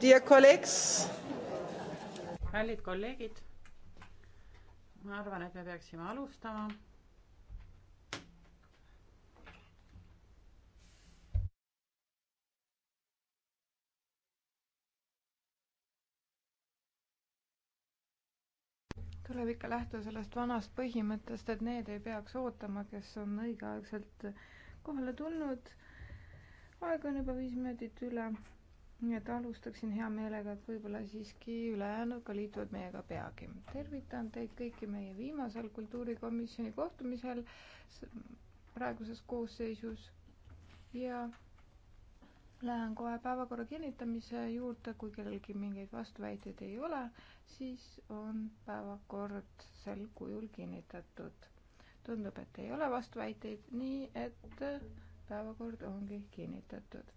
Dear colleagues. kallid kolleegid, ma arvan, et me peaksime alustama. tuleb ikka lähtuda sellest vanast põhimõttest, et need ei peaks ootama, kes on õigeaegselt kohale tulnud. aeg on juba viis minutit üle nii et alustaksin hea meelega, et võib-olla siiski ülejäänud ka liituvad meiega peagi. tervitan teid kõiki meie viimasel kultuurikomisjoni kohtumisel praeguses koosseisus ja lähen kohe päevakorra kinnitamise juurde, kui kellelgi mingeid vastuväiteid ei ole, siis on päevakord sel kujul kinnitatud. tundub, et ei ole vastuväiteid, nii et päevakord ongi kinnitatud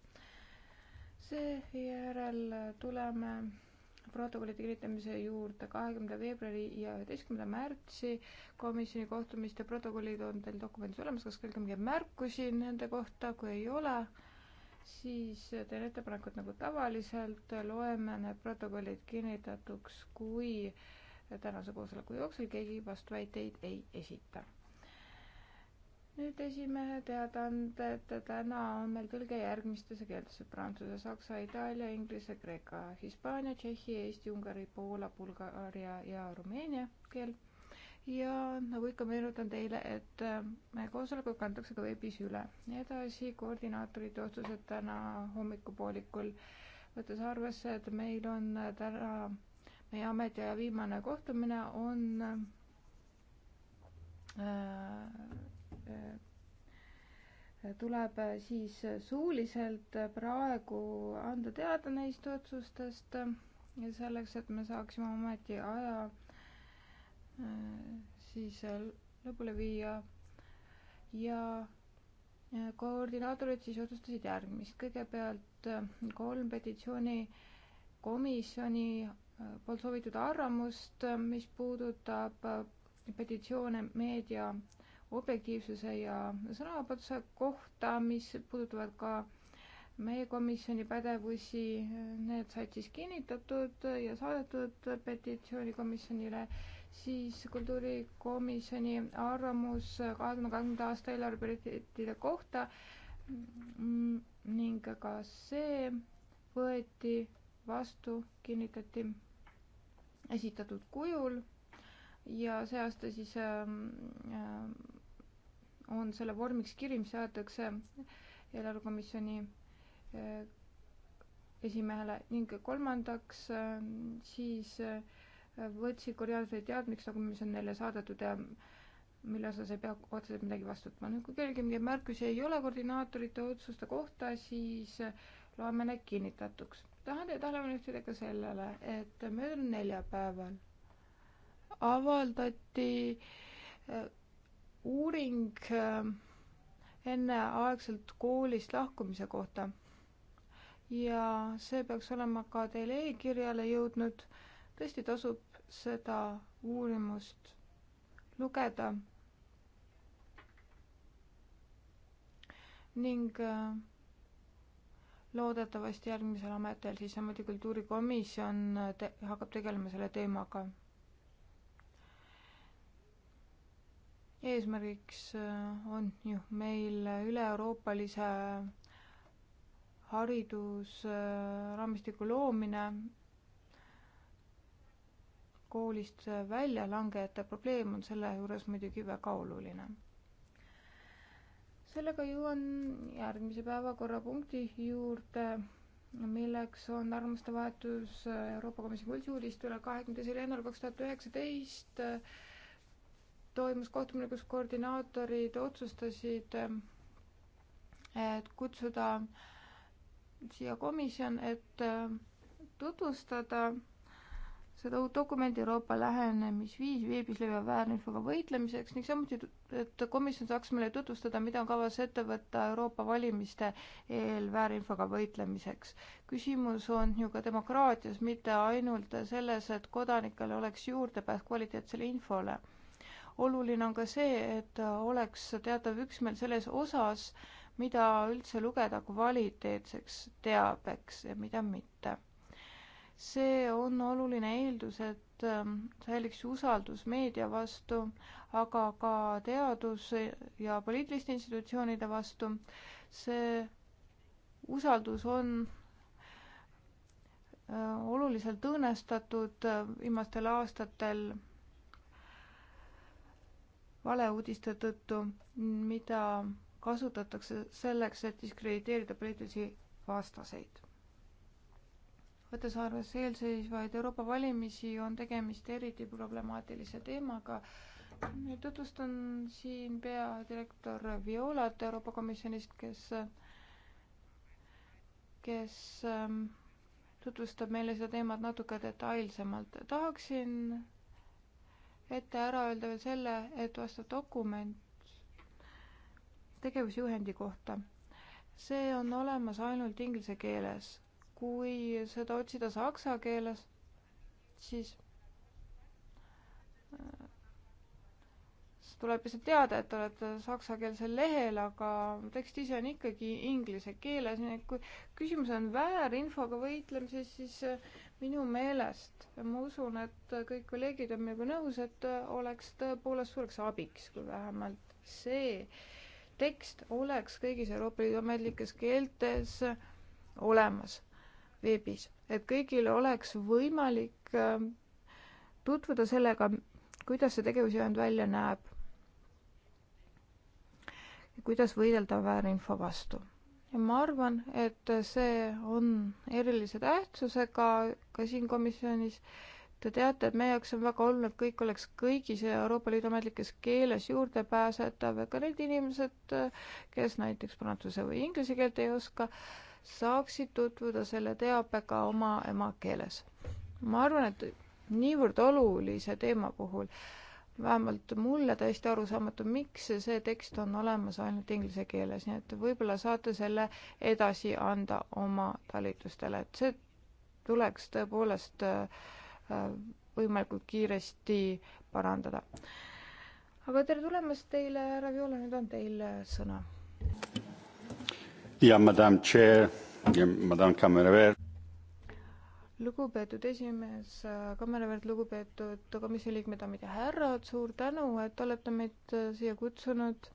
seejärel tuleme protokolli kinnitamise juurde kahekümnenda veebruari ja üheteistkümnenda märtsi komisjoni kohtumiste protokollid on teil dokumendis olemas, kas kellelgi on mingeid märkusi nende kohta, kui ei ole, siis teen ettepanekud nagu tavaliselt, loeme need protokollid kinnitatuks, kui tänase koosoleku jooksul keegi vastuväiteid ei esita nüüd esimehe teadaanded. täna on meil tõlge järgmistesse keeltesse prantsuse, saksa, itaalia, inglise, kreeka, hispaania, tšehhi, eesti, ungari, poola, bulgaaria ja rumeenia keel. ja nagu ikka meenutan teile, et äh, meie koosolekut kantakse ka veebis üle. edasi koordinaatorite otsused täna hommikupoolikul, võttes arvesse, et meil on äh, täna meie ametiaja viimane kohtumine on äh, Äh, tuleb äh, siis suuliselt praegu anda teada neist otsustest ja selleks, et me saaksime ometi aja äh, siis lõpule viia ja koordinaatorid siis otsustasid järgmist. kõigepealt kolm petitsioonikomisjoni poolt soovitud arvamust, mis puudutab petitsioone meedia objektiivsuse ja sõnavabaduse kohta, mis puudutavad ka meie komisjoni pädevusi, need said siis kinnitatud ja saadetud petitsioonikomisjonile, siis kultuurikomisjoni arvamus kahe tuhande kahekümnenda aasta eelarveprioriteetide kohta ning ka see võeti vastu, kinnitati esitatud kujul ja see aasta siis äh, äh, on selle vormiks kiri, mis saadetakse eelarvekomisjoni eh, esimehele ning kolmandaks eh, siis eh, võtsid korealased teadmiseks, nagu mis on neile saadetud ja mille osas ei pea otseselt midagi vastutama. nüüd, kui kellelgi mingeid märkusi ei ole koordinaatorite otsuste kohta, siis loeme need kinnitatuks. tahan teie tähelepanu juhtida ka sellele, et möödunud neljapäeval avaldati uuring ähm, enneaegselt koolist lahkumise kohta. ja see peaks olema ka teile e-kirjale jõudnud. tõesti tasub seda uurimust lugeda. ning äh, loodetavasti järgmisel ametil siis samuti kultuurikomisjon te hakkab tegelema selle teemaga eesmärgiks äh, on ju meil üle-euroopalise haridusraamistiku loomine koolist väljalangejate probleem on selle juures muidugi väga oluline. sellega jõuan järgmise päevakorrapunkti juurde, milleks on arvamuste vahetus Euroopa Komisjoni kultuurist üle kahekümne teisel jaanuaril kaks tuhat üheksateist toimus kohtumine, kus koordinaatorid otsustasid, et kutsuda siia komisjon, et tutvustada seda uut dokumenti Euroopa lähenemisviis veebis leviva väärinfoga võitlemiseks ning samuti, et komisjon saaks meile tutvustada, mida on kavas ette võtta Euroopa valimiste eel väärinfoga võitlemiseks. küsimus on ju ka demokraatias, mitte ainult selles, et kodanikel oleks juurdepääs kvaliteetsele infole oluline on ka see, et oleks teatav üksmeel selles osas, mida üldse lugeda kvaliteetseks teabeks ja mida mitte. see on oluline eeldus, et ähm, säiliks usaldus meedia vastu, aga ka teadus- ja poliitiliste institutsioonide vastu. see usaldus on äh, oluliselt õõnestatud äh, viimastel aastatel valeuudiste tõttu, mida kasutatakse selleks, et diskrediteerida poliitilisi vastaseid. võttes arvesse eelseisvaid Euroopa valimisi, on tegemist eriti problemaatilise teemaga. tutvustan siin peadirektor Violat Euroopa Komisjonist, kes, kes ähm, tutvustab meile seda teemat natuke detailsemalt. tahaksin ette ära öelda veel selle, et vastav dokument tegevusjuhendi kohta, see on olemas ainult inglise keeles. kui seda otsida saksa keeles, siis äh, tuleb lihtsalt teada, et olete saksakeelsel lehel, aga tekst ise on ikkagi inglise keeles, nii et kui küsimus on väärinfoga võitlemises, siis äh, minu meelest, ma usun, et kõik kolleegid on minuga nõus, et oleks tõepoolest suureks abiks, kui vähemalt see tekst oleks kõigis Euroopa Liidu ametlikes keeltes olemas veebis, et kõigil oleks võimalik ähm, tutvuda sellega, kuidas see tegevusjuhend välja näeb. kuidas võidelda väärinfo vastu ja ma arvan, et see on erilise tähtsusega ka siin komisjonis. Te teate, et meie jaoks on väga oluline, et kõik oleks kõigis Euroopa Liidu ametlikes keeles juurdepääsetav ja ka need inimesed, kes näiteks prantsuse või inglise keelt ei oska, saaksid tutvuda selle teabega oma emakeeles. ma arvan, et niivõrd olulise teema puhul äh, vähemalt mulle täiesti arusaamatu, miks see tekst on olemas ainult inglise keeles, nii et võib-olla saate selle edasi anda oma talitustele, et see tuleks tõepoolest äh, võimalikult kiiresti parandada. aga tere tulemast teile, härra Viola, nüüd on teil äh, sõna. ja madam chair ja madam Kammerveer lugupeetud esimees, kaameraväärt, lugupeetud komisjoni liikmed, daamid ja härrad, suur tänu, et olete meid äh, siia kutsunud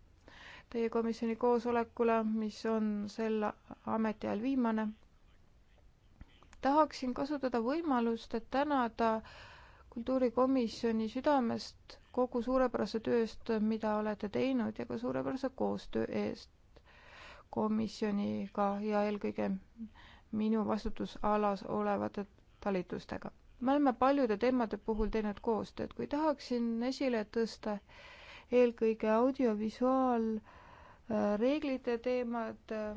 teie komisjoni koosolekule, mis on sel ametiajal viimane. tahaksin kasutada võimalust, et tänada kultuurikomisjoni südamest kogu suurepärase töö eest, mida olete teinud ja ka suurepärase koostöö eest komisjoniga ja eelkõige minu vastutusalas olevate talitustega. me oleme paljude teemade puhul teinud koostööd, kui tahaksin esile tõsta eelkõige audiovisuaalreeglite äh, teemad äh,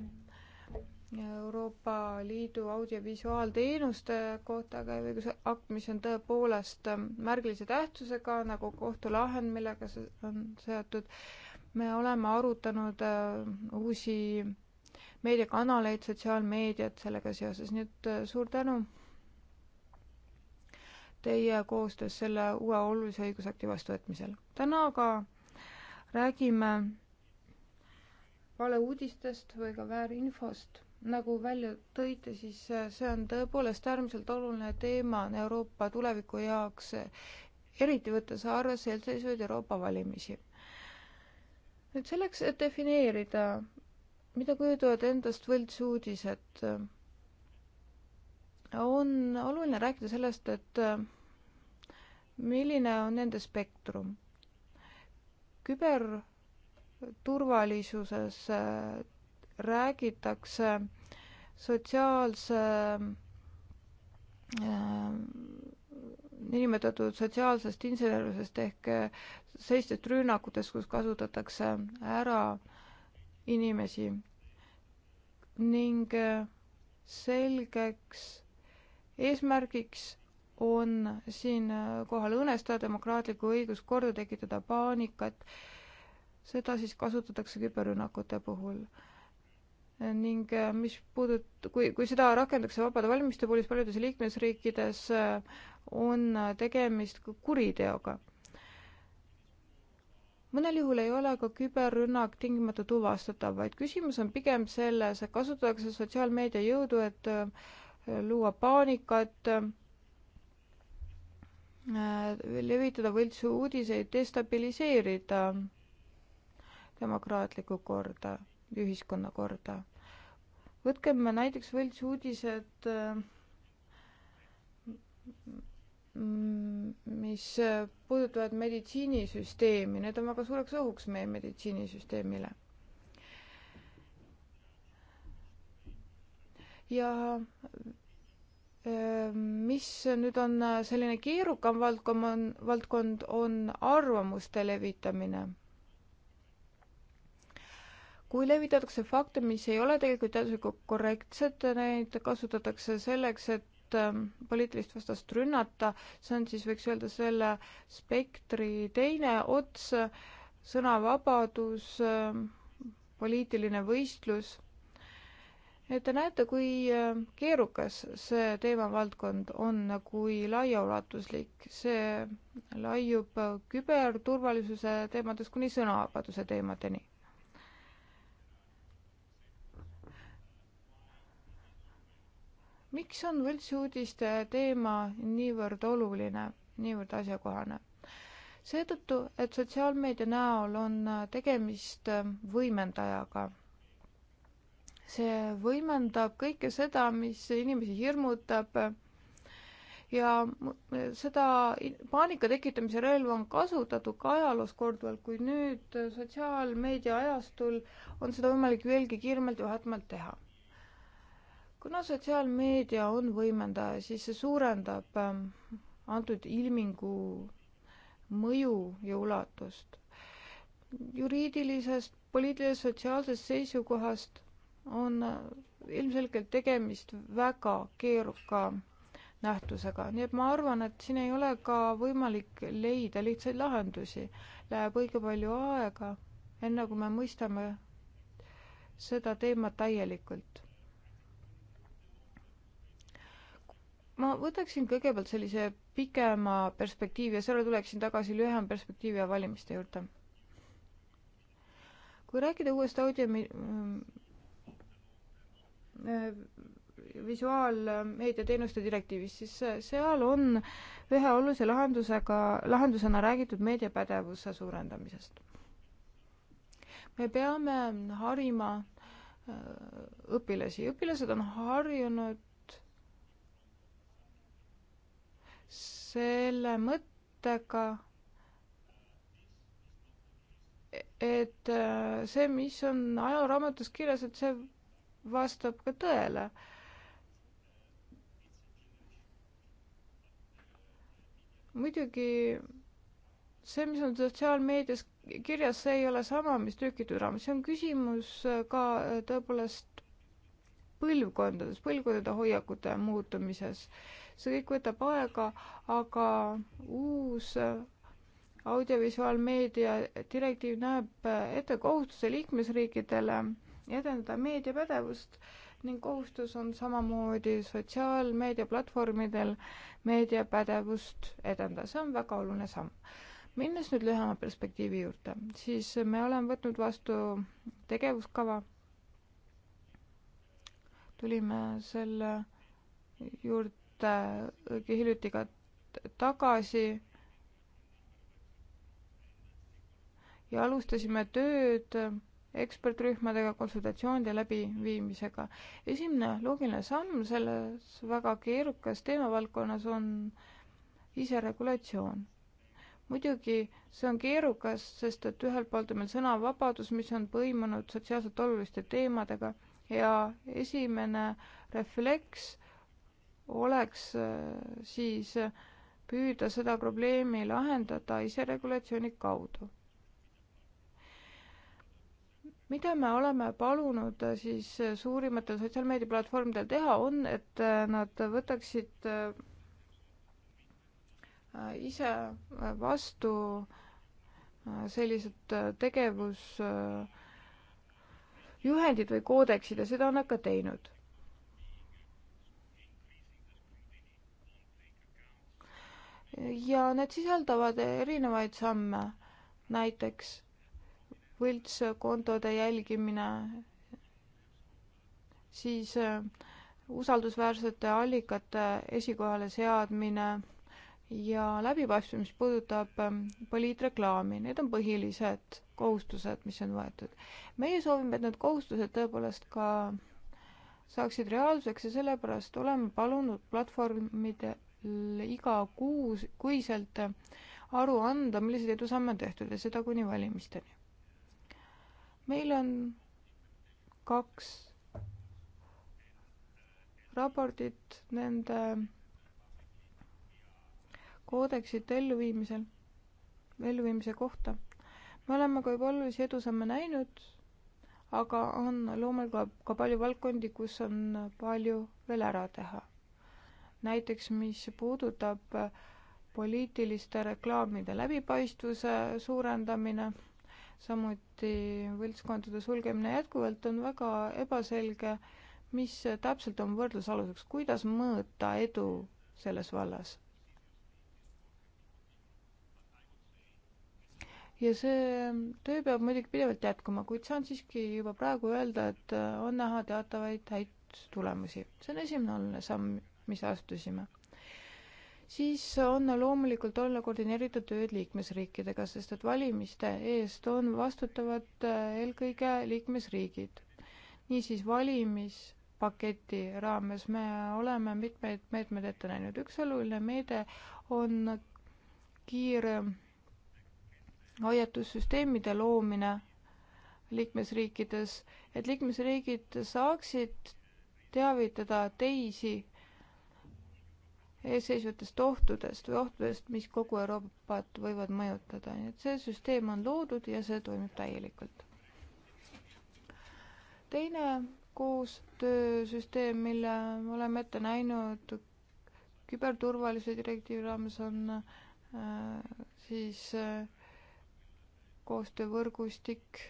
Euroopa Liidu audiovisuaalteenuste kohta käiv õigusakt, mis on tõepoolest äh, märgilise tähtsusega nagu kohtulahend, millega see on seotud. me oleme arutanud uusi meediakanaleid, sotsiaalmeediat sellega seoses, nii et äh, suur tänu teie koostöös selle uue olulise õigusakti vastuvõtmisel. täna aga räägime valeuudistest või ka väärinfost. nagu välja tõite, siis äh, see on tõepoolest äärmiselt oluline teema on Euroopa tuleviku jaoks, eriti võttes arvesse eelseisvaid Euroopa valimisi. nüüd selleks, et defineerida mida kujutavad endast võltsuudised? on oluline rääkida sellest, et äh, milline on nende spektrum. küberturvalisuses äh, räägitakse sotsiaalse äh, niinimetatud sotsiaalsest insenerlusest ehk sellistest rünnakutest, kus kasutatakse ära inimesi ning äh, selgeks eesmärgiks on siinkohal äh, õõnestada demokraatlikku õiguskorda, tekitada paanikat. seda siis kasutatakse küberrünnakute puhul. ning äh, mis puudut-, kui, kui seda rakendatakse vabade valimiste puhul, siis paljudes liikmesriikides on tegemist kuriteoga mõnel juhul ei ole ka küberrünnak tingimata tuvastatav, vaid küsimus on pigem selles, et kasutatakse sotsiaalmeedia jõudu, et äh, luua paanikat, äh, levitada võltsu uudiseid, destabiliseerida demokraatlikku korda, ühiskonna korda. võtkem näiteks võltsuudised äh, Mm, mis äh, puudutavad meditsiinisüsteemi, need on väga suureks ohuks meie meditsiinisüsteemile. ja äh, mis nüüd on äh, selline keerukam valdkond, valdkond on arvamuste levitamine kui levitatakse fakte, mis ei ole tegelikult teaduslikult korrektsed, neid kasutatakse selleks, et Ähm, poliitilist vastast rünnata, see on siis, võiks öelda, selle spektri teine ots, sõnavabadus, ähm, poliitiline võistlus. et te näete, kui ähm, keerukas see teemavaldkond on, nagu kui laiaulatuslik. see laiub küberturvalisuse teemadest kuni sõnavabaduse teemadeni. miks on võltsuudiste teema niivõrd oluline, niivõrd asjakohane? seetõttu, et sotsiaalmeedia näol on tegemist võimendajaga. see võimendab kõike seda, mis inimesi hirmutab ja seda paanika tekitamise relva on kasutatud ka ajaloos korduvalt, kuid nüüd sotsiaalmeedia ajastul on seda võimalik veelgi kiiremalt ja vahetumalt teha kuna sotsiaalmeedia on võimendaja, siis see suurendab ähm, antud ilmingu mõju ja ulatust. juriidilisest, poliitilisest, sotsiaalsest seisukohast on äh, ilmselgelt tegemist väga keeruka nähtusega, nii et ma arvan, et siin ei ole ka võimalik leida lihtsaid lahendusi. Läheb õige palju aega, enne kui me mõistame seda teemat täielikult ma võtaksin kõigepealt sellise pikema perspektiivi ja selle tuleksin tagasi lühema perspektiivi ja valimiste juurde. kui rääkida uuest audio äh, visuaalmeediateenuste direktiivist, siis seal on ühe olulise lahendusega, lahendusena räägitud meediapädevuse suurendamisest. me peame harima äh, õpilasi, õpilased on harjunud selle mõttega, et äh, see, mis on ajalooraamatus kirjas, et see vastab ka tõele. muidugi see, mis on sotsiaalmeedias kirjas, see ei ole sama, mis trükitürama, see on küsimus äh, ka äh, tõepoolest põlvkondades, põlvkondade hoiakute muutumises see kõik võtab aega, aga uus audiovisuaalmeedia direktiiv näeb ette kohustuse liikmesriikidele edendada meediapädevust ning kohustus on samamoodi sotsiaalmeediaplatvormidel meediapädevust edendada, see on väga oluline samm. minnes nüüd lühema perspektiivi juurde, siis me oleme võtnud vastu tegevuskava. tulime selle juurde Äh, hiljuti ka tagasi ja alustasime tööd ekspertrühmadega konsultatsioonide läbiviimisega. esimene loogiline samm selles väga keerukas teemavaldkonnas on iseregulatsioon. muidugi see on keerukas, sest et ühelt poolt on meil sõnavabadus, mis on põimunud sotsiaalselt oluliste teemadega ja esimene refleks äh, oleks äh, siis äh, püüda seda probleemi lahendada iseregulatsiooni kaudu. mida me oleme palunud äh, siis suurimatel sotsiaalmeediaplatvormidel teha, on, et nad võtaksid ise vastu sellised tegevusjuhendid või koodeksid ja seda on nad ka teinud ja need sisaldavad erinevaid samme, näiteks võltskontode jälgimine, siis äh, usaldusväärsete allikate esikohale seadmine ja läbipaistvus, mis puudutab ähm, poliitreklaami, need on põhilised kohustused, mis on võetud. meie soovime, et need kohustused tõepoolest ka saaksid reaalsuseks ja sellepärast oleme palunud platvormide iga kuus, kuiselt aru anda, milliseid edusamme on tehtud ja seda kuni valimisteni. meil on kaks raportit nende koodeksite elluviimisel, elluviimise kohta. me oleme ka juba olulisi edusamme näinud, aga on loomulikult ka, ka palju valdkondi, kus on palju veel ära teha näiteks mis puudutab poliitiliste reklaamide läbipaistvuse suurendamine, samuti võltskondade sulgemine, jätkuvalt on väga ebaselge, mis täpselt on võrdlusaluseks, kuidas mõõta edu selles vallas? ja see töö peab muidugi pidevalt jätkuma, kuid saan siiski juba praegu öelda, et on näha teatavaid häid tulemusi. see on esimene oluline samm mis astusime siis on loomulikult olla koordineeritud tööd liikmesriikidega, sest et valimiste eest on vastutavad äh, eelkõige liikmesriigid. niisiis valimispaketi raames me oleme mitmeid meetmeid ette näinud, üks oluline meede on kiire hoiatussüsteemide loomine liikmesriikides, et liikmesriigid saaksid teavitada teisi eesseisvatest ohtudest või ohtudest, mis kogu Euroopat võivad mõjutada, nii et see süsteem on loodud ja see toimib täielikult. teine koostöösüsteem, mille me oleme ette näinud küberturvalisuse direktiivi raames, on äh, siis äh, koostöövõrgustik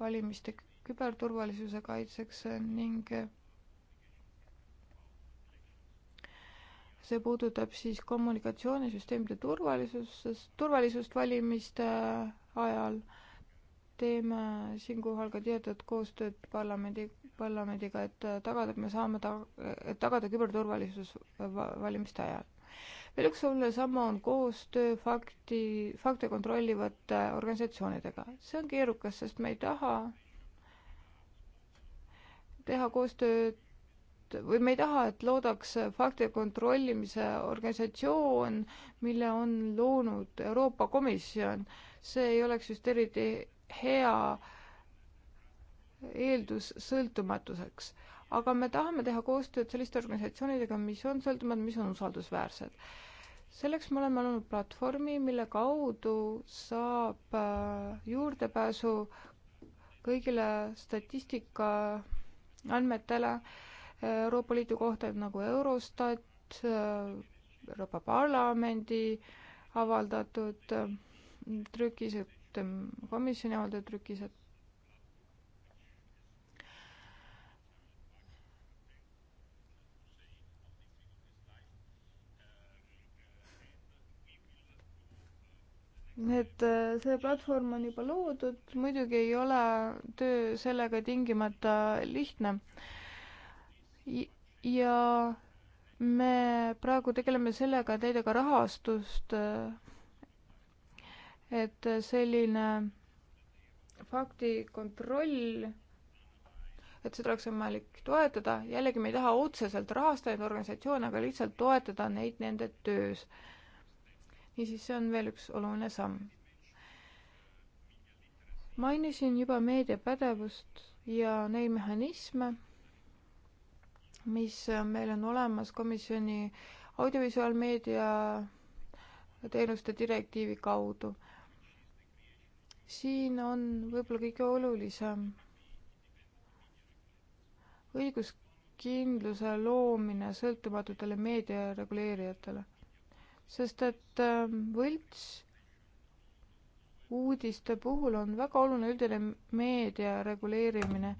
valimiste küberturvalisuse kaitseks ning äh, see puudutab siis kommunikatsioonisüsteemide turvalisust, turvalisust valimiste äh, ajal. teeme siinkohal ka tihedat koostööd parlamendi, parlamendiga, et äh, tagada, et me saame ta-, et tagada küberturvalisus äh, valimiste ajal. veel üks oluline samm on koostöö fakti, fakte kontrollivate organisatsioonidega. see on keerukas, sest me ei taha teha koostööd või me ei taha, et loodaks faktide kontrollimise organisatsioon, mille on loonud Euroopa Komisjon. see ei oleks just eriti hea eeldus sõltumatuseks. aga me tahame teha koostööd selliste organisatsioonidega, mis on sõltumatud, mis on usaldusväärsed. selleks me oleme olnud platvormi, mille kaudu saab äh, juurdepääsu kõigile statistika andmetele äh, Euroopa Liidu kohta nagu Eurostat, Euroopa Parlamendi avaldatud trükised, komisjoni avaldatud trükised. et äh, see platvorm on juba loodud, muidugi ei ole töö sellega tingimata lihtne ja me praegu tegeleme sellega, et leida ka rahastust, et selline faktikontroll et seda oleks võimalik toetada, jällegi me ei taha otseselt rahastada neid organisatsioone, aga lihtsalt toetada neid nende töös. niisiis, see on veel üks oluline samm. mainisin juba meediapädevust ja neid mehhanisme mis meil on olemas komisjoni audiovisuaalmeedia teenuste direktiivi kaudu. siin on võib-olla kõige olulisem õiguskindluse loomine sõltumatutele meediareguleerijatele, sest et ähm, võlts uudiste puhul on väga oluline üldine meedia reguleerimine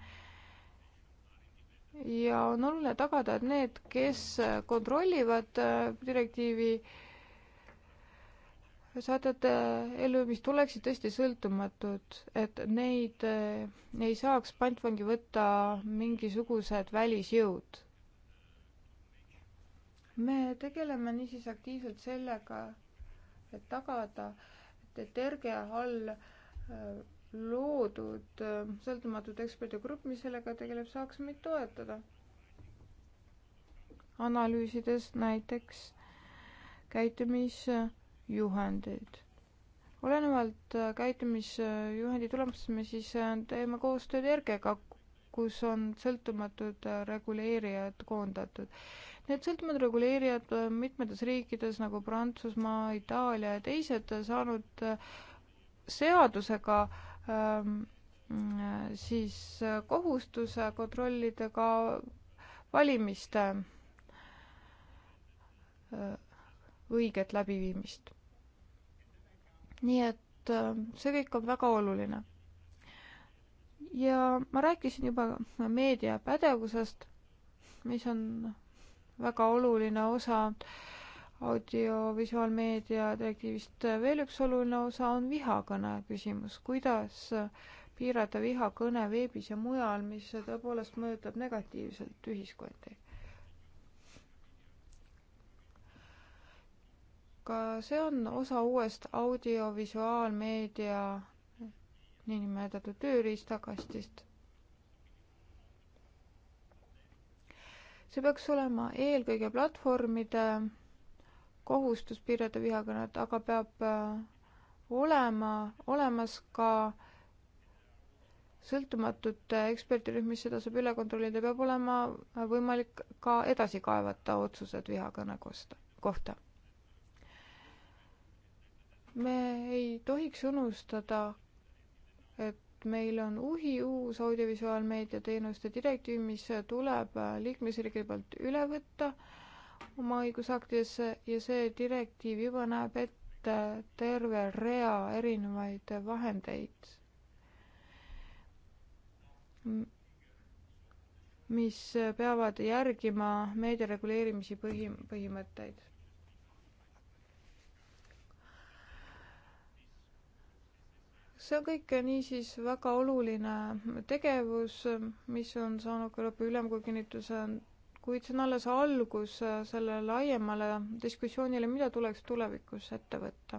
ja on oluline tagada, et need, kes kontrollivad äh, direktiivi saadete äh, elluviimist, oleksid tõesti sõltumatud, et neid äh, ei saaks pantvangi võtta mingisugused välisjõud. me tegeleme niisiis aktiivselt sellega, et tagada, et terge all loodud äh, sõltumatute eksperdigrupp, mis sellega tegeleb, saaks meid toetada. analüüsides näiteks käitumisjuhendeid. olenevalt äh, käitumisjuhendi tulemustest me siis äh, teeme koostööd ERGE-ga, kus on sõltumatud reguleerijad koondatud. Need sõltumatud reguleerijad mitmetes riikides nagu Prantsusmaa, Itaalia ja teised saanud seadusega äh, Mm, siis kohustuse kontrollida ka valimiste õiget läbiviimist. nii et see kõik on väga oluline. ja ma rääkisin juba meedia pädevusest, mis on väga oluline osa äh, audiovisuaalmeedia direktiivist veel üks oluline osa on vihakõne küsimus. kuidas piirata vihakõne veebis ja mujal, mis tõepoolest mõjutab negatiivselt ühiskondi? ka see on osa uuest audiovisuaalmeedia niinimetatud tööriistakastist. see peaks olema eelkõige platvormide kohustus piirata vihakõnet, aga peab äh, olema olemas ka sõltumatute eksperdirühm, mis seda saab üle kontrollida, peab olema äh, võimalik ka edasi kaevata otsused vihakõne kosta, kohta. me ei tohiks unustada, et meil on uhi uus audiovisuaalmeedia teenuste direktiiv, mis tuleb äh, liikmesriigi poolt üle võtta äh, oma õigusaktides ja see direktiiv juba näeb ette terve rea erinevaid vahendeid, mis peavad järgima meedia reguleerimise põhi, põhimõtteid. see on kõik niisiis väga oluline tegevus, mis on saanud ka Euroopa Ülemkogu kinnituse kuid see on alles algus äh, selle laiemale diskussioonile, mida tuleks tulevikus ette võtta.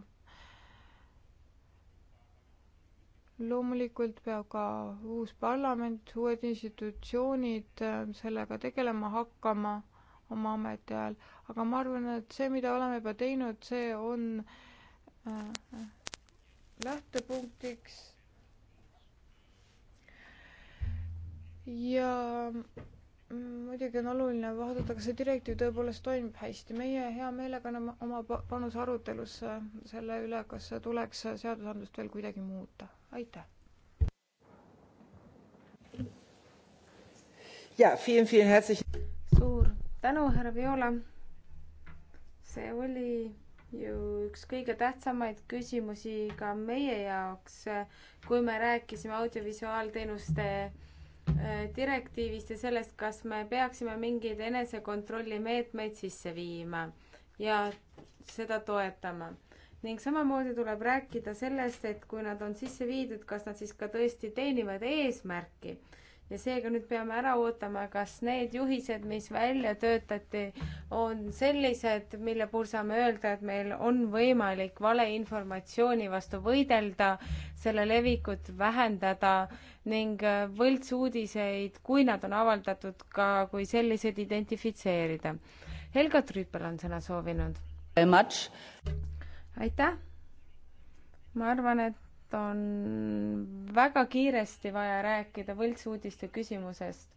loomulikult peab ka uus parlament, uued institutsioonid äh, sellega tegelema hakkama oma ametiajal, aga ma arvan, et see, mida oleme juba teinud, see on äh, lähtepunktiks ja Mm, muidugi on oluline vaadata, kas see direktiiv tõepoolest toimib hästi. meie hea meelega anname oma panuse arutelusse selle üle, kas tuleks seadusandlust veel kuidagi muuta. aitäh! jaa, suur tänu, härra Viola! see oli ju üks kõige tähtsamaid küsimusi ka meie jaoks, kui me rääkisime audiovisuaalteenuste Äh, direktiivist ja sellest, kas me peaksime mingeid enesekontrolli meetmeid sisse viima ja seda toetama. ning samamoodi tuleb rääkida sellest, et kui nad on sisse viidud, kas nad siis ka tõesti teenivad eesmärki ja seega nüüd peame ära ootama, kas need juhised, mis välja töötati, on sellised, mille puhul saame öelda, et meil on võimalik valeinformatsiooni vastu võidelda, selle levikut vähendada ning äh, võltsuudiseid, kui nad on avaldatud, ka kui selliseid identifitseerida. Helga Trüüpel on sõna soovinud. aitäh! ma arvan, et on väga kiiresti vaja rääkida võltsuudiste küsimusest.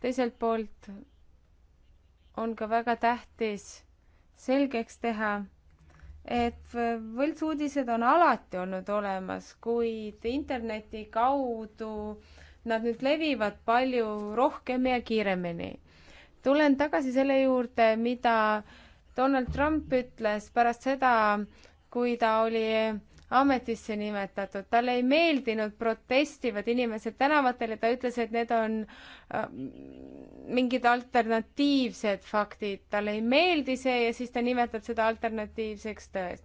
teiselt poolt on ka väga tähtis selgeks teha, et võltsuudised on alati olnud olemas, kuid interneti kaudu nad nüüd levivad palju rohkem ja kiiremini. tulen tagasi selle juurde, mida Donald Trump ütles pärast seda, kui ta oli ametisse nimetatud. talle ei meeldinud protestivad inimesed tänavatel ja ta ütles, et need on äh, mingid alternatiivsed faktid. talle ei meeldi see ja siis ta nimetab seda alternatiivseks tõest.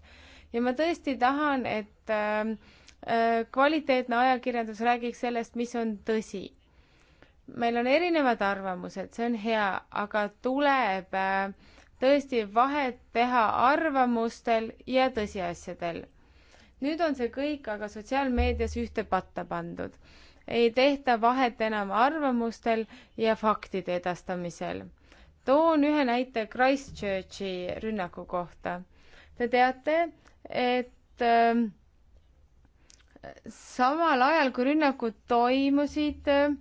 ja ma tõesti tahan, et äh, äh, kvaliteetne ajakirjandus räägiks sellest, mis on tõsi meil on erinevad arvamused, see on hea, aga tuleb äh, tõesti vahet teha arvamustel ja tõsiasjadel nüüd on see kõik aga sotsiaalmeedias ühte patta pandud. ei tehta vahet enam arvamustel ja faktide edastamisel. toon ühe näite Christchurchi rünnaku kohta. Te teate, et äh, samal ajal, kui rünnakud toimusid äh,,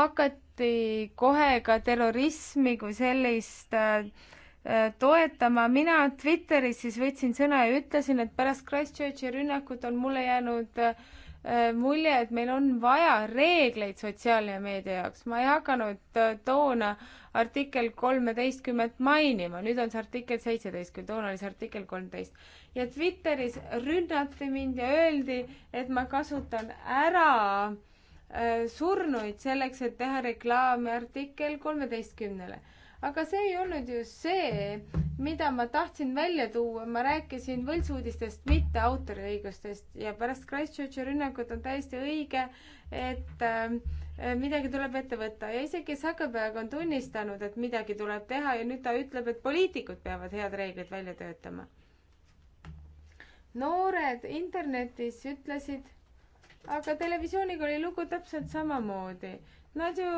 hakati kohe ka terrorismi kui sellist äh, Äh, toetama. mina Twitteris siis võtsin sõna ja ütlesin, et pärast Christchurchi rünnakut on mulle jäänud äh, mulje, et meil on vaja reegleid sotsiaalne meedia jaoks. ma ei hakanud äh, toona artikkel kolmeteistkümmet mainima, nüüd on see artikkel seitseteist, küll toona oli see artikkel kolmteist. ja Twitteris rünnati mind ja öeldi, et ma kasutan ära surnuid selleks, et teha reklaami artikkel kolmeteistkümnele aga see ei olnud ju see, mida ma tahtsin välja tuua, ma rääkisin võltsuudistest, mitte autoriõigustest ja pärast Christchurchi rünnakut on täiesti õige, et äh, midagi tuleb ette võtta ja isegi Zuckerberg on tunnistanud, et midagi tuleb teha ja nüüd ta ütleb, et poliitikud peavad head reeglid välja töötama. noored internetis ütlesid, aga televisiooniga oli lugu täpselt samamoodi Nad ju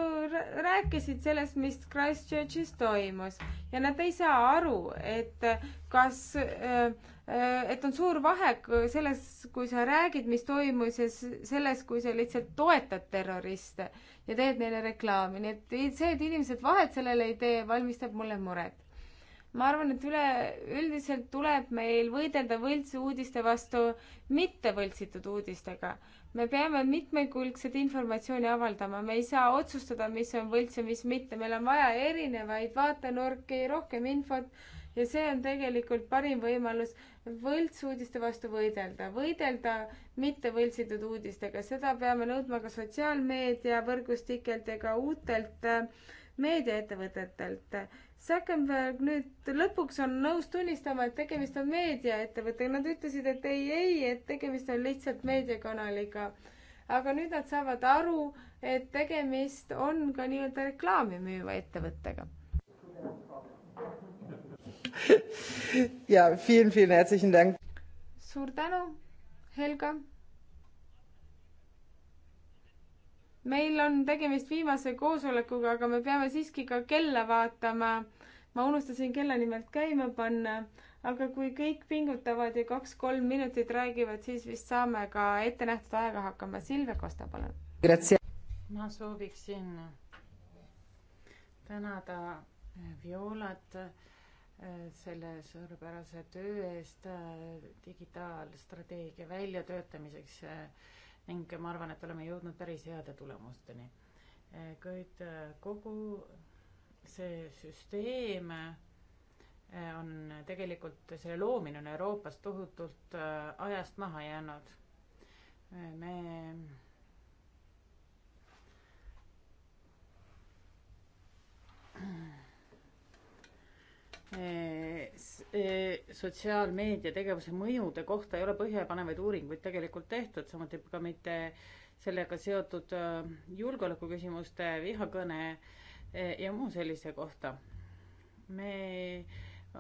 rääkisid sellest, mis Christchurchis toimus ja nad ei saa aru, et kas, äh, äh, et on suur vahe selles, kui sa räägid, mis toimus ja selles, kui sa lihtsalt toetad terroriste ja teed neile reklaami, nii et see, et inimesed vahet sellele ei tee, valmistab mulle muret. ma arvan, et üleüldiselt tuleb meil võidelda võltsuudiste vastu mitte võltsitud uudistega me peame mitmekülgset informatsiooni avaldama, me ei saa otsustada, mis on võlts ja mis mitte, meil on vaja erinevaid vaatenurki, rohkem infot ja see on tegelikult parim võimalus võltsuudiste vastu võidelda, võidelda mitte võltsitud uudistega, seda peame nõudma ka sotsiaalmeedia võrgustikelt ja ka uutelt äh, meediaettevõtetelt Zuckerberg nüüd lõpuks on nõus tunnistama, et tegemist on meediaettevõttega, nad ütlesid, et ei, ei, et tegemist on lihtsalt meediakanaliga. aga nüüd nad saavad aru, et tegemist on ka nii-öelda reklaami müüva ettevõttega. ja, suur tänu, Helga meil on tegemist viimase koosolekuga, aga me peame siiski ka kella vaatama. ma unustasin kella nimelt käima panna, aga kui kõik pingutavad ja kaks-kolm minutit räägivad, siis vist saame ka ettenähtud ajaga hakkama. Silvia Kosta, palun. ma sooviksin tänada Violat äh, selle suurepärase töö eest äh, digitaalstrateegia väljatöötamiseks äh, ning ma arvan, et oleme jõudnud päris heade tulemusteni. kuid äh, kogu see süsteem äh, on tegelikult, selle loomine on Euroopas tohutult äh, ajast maha jäänud. me sotsiaalmeedia tegevuse mõjude kohta ei ole põhjapanevaid uuringuid tegelikult tehtud, samuti ka mitte sellega seotud äh, julgeolekuküsimuste, vihakõne äh, ja muu sellise kohta. me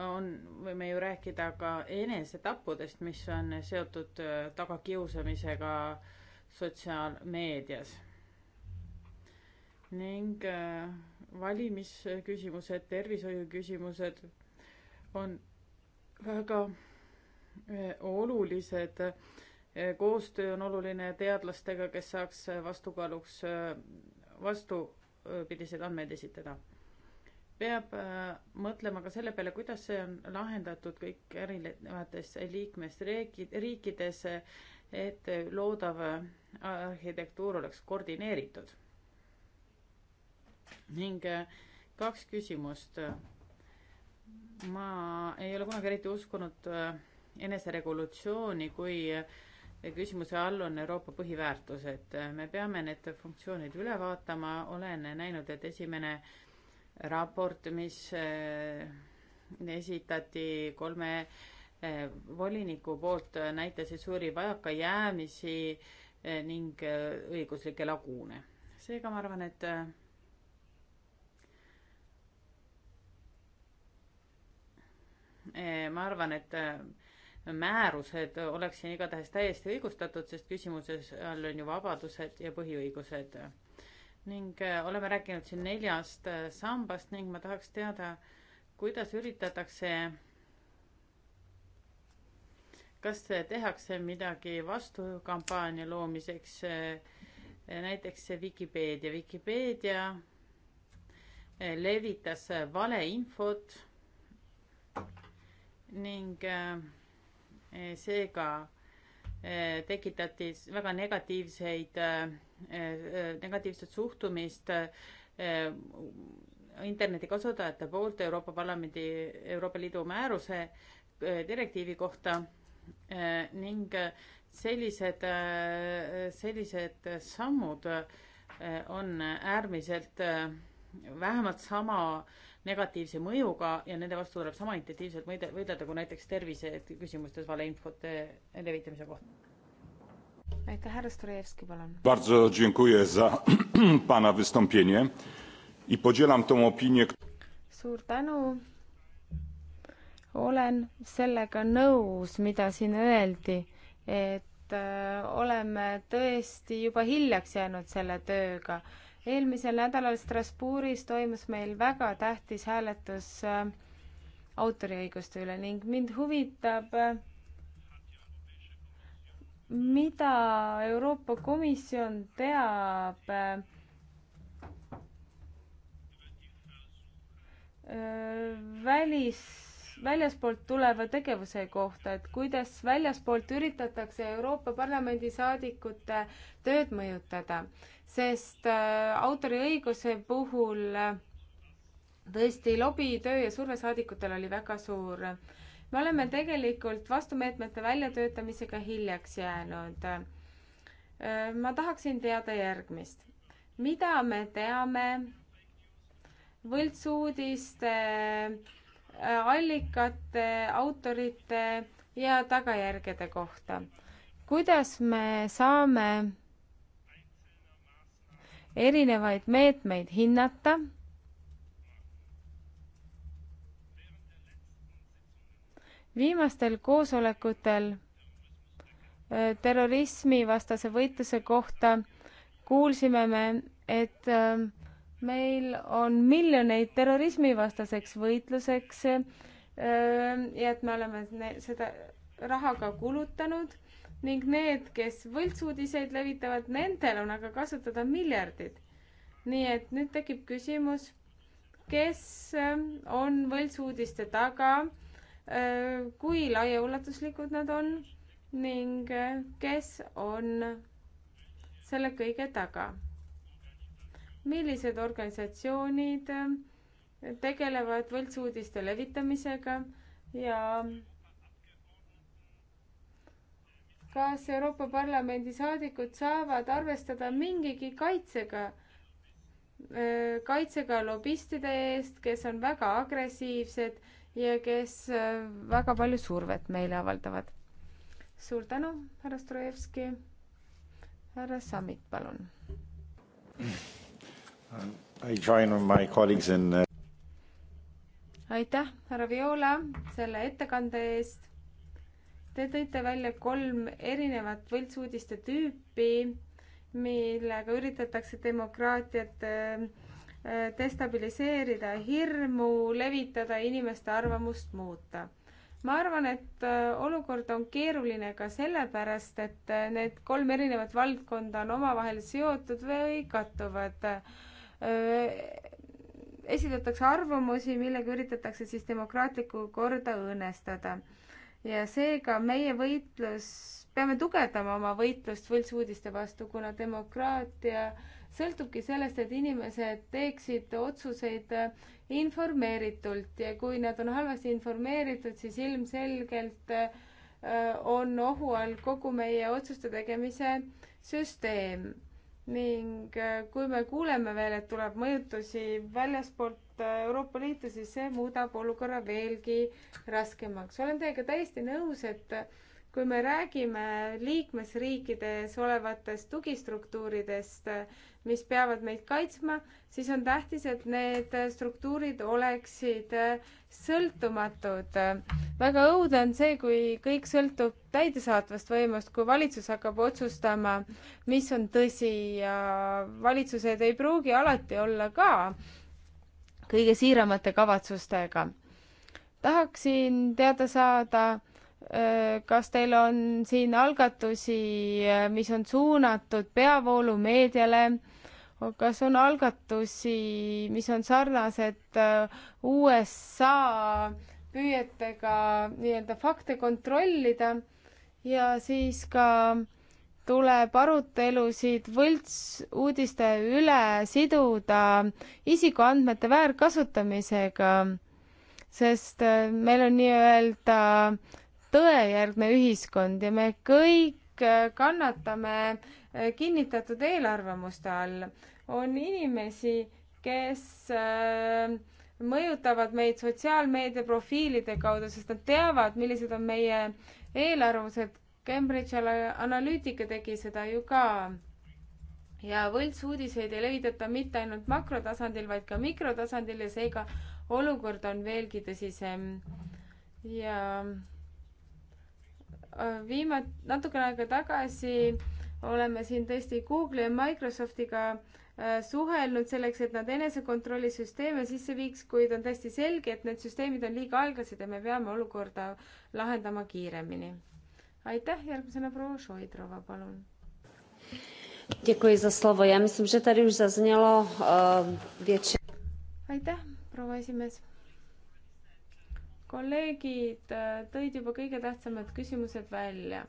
on, võime ju rääkida ka enesetappudest, mis on seotud äh, tagakiusamisega sotsiaalmeedias. ning valimisküsimused, tervishoiuküsimused on väga eh, olulised. Eh, koostöö on oluline teadlastega, kes saaks eh, vastukaaluks vastupidiseid andmeid esitada. peab mõtlema ka selle peale, kuidas see on lahendatud kõik erinevates liikmesriigid, riikides, et loodav arhitektuur oleks koordineeritud. ning kaks küsimust ma ei ole kunagi eriti uskunud äh, eneseregulatsiooni, kui äh, küsimuse all on Euroopa põhiväärtused. me peame need funktsioonid üle vaatama, olen näinud, et esimene raport, mis äh, esitati kolme voliniku poolt, näitasid suuri vajakajäämisi ning õiguslikke lagune. seega ma arvan, et Eh, ma arvan, et eh, määrused oleks siin igatahes täiesti õigustatud, sest küsimuses all on ju vabadused ja põhiõigused. ning eh, oleme rääkinud siin neljast sambast ning ma tahaks teada, kuidas üritatakse kas tehakse midagi vastukampaania loomiseks, näiteks Vikipeedia, Vikipeedia levitas valeinfot ning äh, eh, seega äh, tekitati väga negatiivseid, äh, negatiivset suhtumist internetikasutajate poolt Euroopa Parlamendi, Euroopa Liidu määruse direktiivi kohta ning sellised, sellised sammud on äärmiselt vähemalt sama äh, negatiivse mõjuga ja nende vastu tuleb sama intensiivselt võidelda kui näiteks terviseküsimustes valeinfote levitamise kohta. aitäh, härra Storjevski, palun. Bardzo dziękuję za pana wystąpienie i podzielam tą opinię. suur tänu. olen sellega nõus, mida siin öeldi, et äh, oleme tõesti juba hiljaks jäänud selle tööga eelmisel nädalal Strasbourgis toimus meil väga tähtis hääletus äh, autoriõiguste üle ning mind huvitab, äh, mida Euroopa Komisjon teab äh, välis, väljaspoolt tuleva tegevuse kohta, et kuidas väljaspoolt üritatakse Euroopa Parlamendi saadikute tööd mõjutada sest äh, autoriõiguse puhul äh, tõesti lobitöö ja surve saadikutel oli väga suur. me oleme tegelikult vastumeetmete väljatöötamisega hiljaks jäänud. Äh, ma tahaksin teada järgmist. mida me teame võltsuudiste allikate, autorite ja tagajärgede kohta? kuidas me saame erinevaid meetmeid hinnata. viimastel koosolekutel terrorismivastase võitluse kohta kuulsime me, et meil on miljoneid terrorismivastaseks võitluseks ja et me oleme seda raha ka kulutanud ning need, kes võltsuudiseid levitavad, nendel on aga kasutada miljardid. nii et nüüd tekib küsimus, kes ähm, on võltsuudiste taga, äh, kui laiaulatuslikud nad on ning äh, kes on selle kõige taga. millised organisatsioonid ähm, tegelevad võltsuudiste levitamisega ja kas Euroopa Parlamendi saadikud saavad arvestada mingigi kaitsega, kaitsega lobistide eest, kes on väga agressiivsed ja kes väga palju survet meile avaldavad. suur tänu, härra Strojevski. härra Samit, palun. I join my colleagues in uh, aitäh, härra Viola, selle ettekande eest Te tõite välja kolm erinevat võltsuudiste tüüpi, millega üritatakse demokraatiat äh, äh, destabiliseerida, hirmu levitada, inimeste arvamust muuta. ma arvan, et äh, olukord on keeruline ka sellepärast, et need kolm erinevat valdkonda on omavahel seotud või kattuvad esitatakse arvamusi, millega üritatakse siis demokraatlikku korda õõnestada ja seega meie võitlus, peame tugevdama oma võitlust võltsuudiste vastu, kuna demokraatia sõltubki sellest, et inimesed teeksid otsuseid äh, informeeritult ja kui nad on halvasti informeeritud, siis ilmselgelt äh, on ohu all kogu meie otsuste tegemise süsteem ning äh, kui me kuuleme veel, et tuleb mõjutusi väljaspoolt Äh, Euroopa Liitu, siis see muudab olukorra veelgi raskemaks. olen teiega täiesti nõus, et äh, kui me räägime liikmesriikides olevatest tugistruktuuridest, äh, mis peavad meid kaitsma, siis on tähtis, et need struktuurid oleksid sõltumatud. väga õudne on see, kui kõik sõltub täidesaatvast võimust, kui valitsus hakkab otsustama, mis on tõsi ja valitsused ei pruugi alati olla ka kõige siiramate kavatsustega. tahaksin teada saada, äh, kas teil on siin algatusi, äh, mis on suunatud peavoolumeediale, kas on algatusi, mis on sarnased äh, USA püüetega nii-öelda fakte kontrollida ja siis ka äh, tuleb arutelusid võltsuudiste üle siduda isikuandmete väärkasutamisega, sest äh, meil on nii-öelda tõejärgne ühiskond ja me kõik äh, kannatame äh, kinnitatud eelarvamuste all. on inimesi, kes mõjutavad meid sotsiaalmeedia profiilide kaudu, sest nad teavad, millised on meie eelarvamused Cambridge Analytica tegi seda ju ka. ja võltsuudiseid ei levitata mitte ainult makrotasandil, vaid ka mikrotasandil ja seega olukord on veelgi tõsisem. ja äh, viima-, natukene aega tagasi oleme siin tõesti Google'i ja Microsoftiga äh, suhelnud selleks, et nad enesekontrollisüsteeme sisse viiks, kuid on täiesti selge, et need süsteemid on liiga aeglased ja me peame olukorda lahendama kiiremini aitäh, järgmisena proua Šoidrova, palun. Eh, aitäh, proua esimees. kolleegid eh, tõid juba kõige tähtsamad küsimused välja.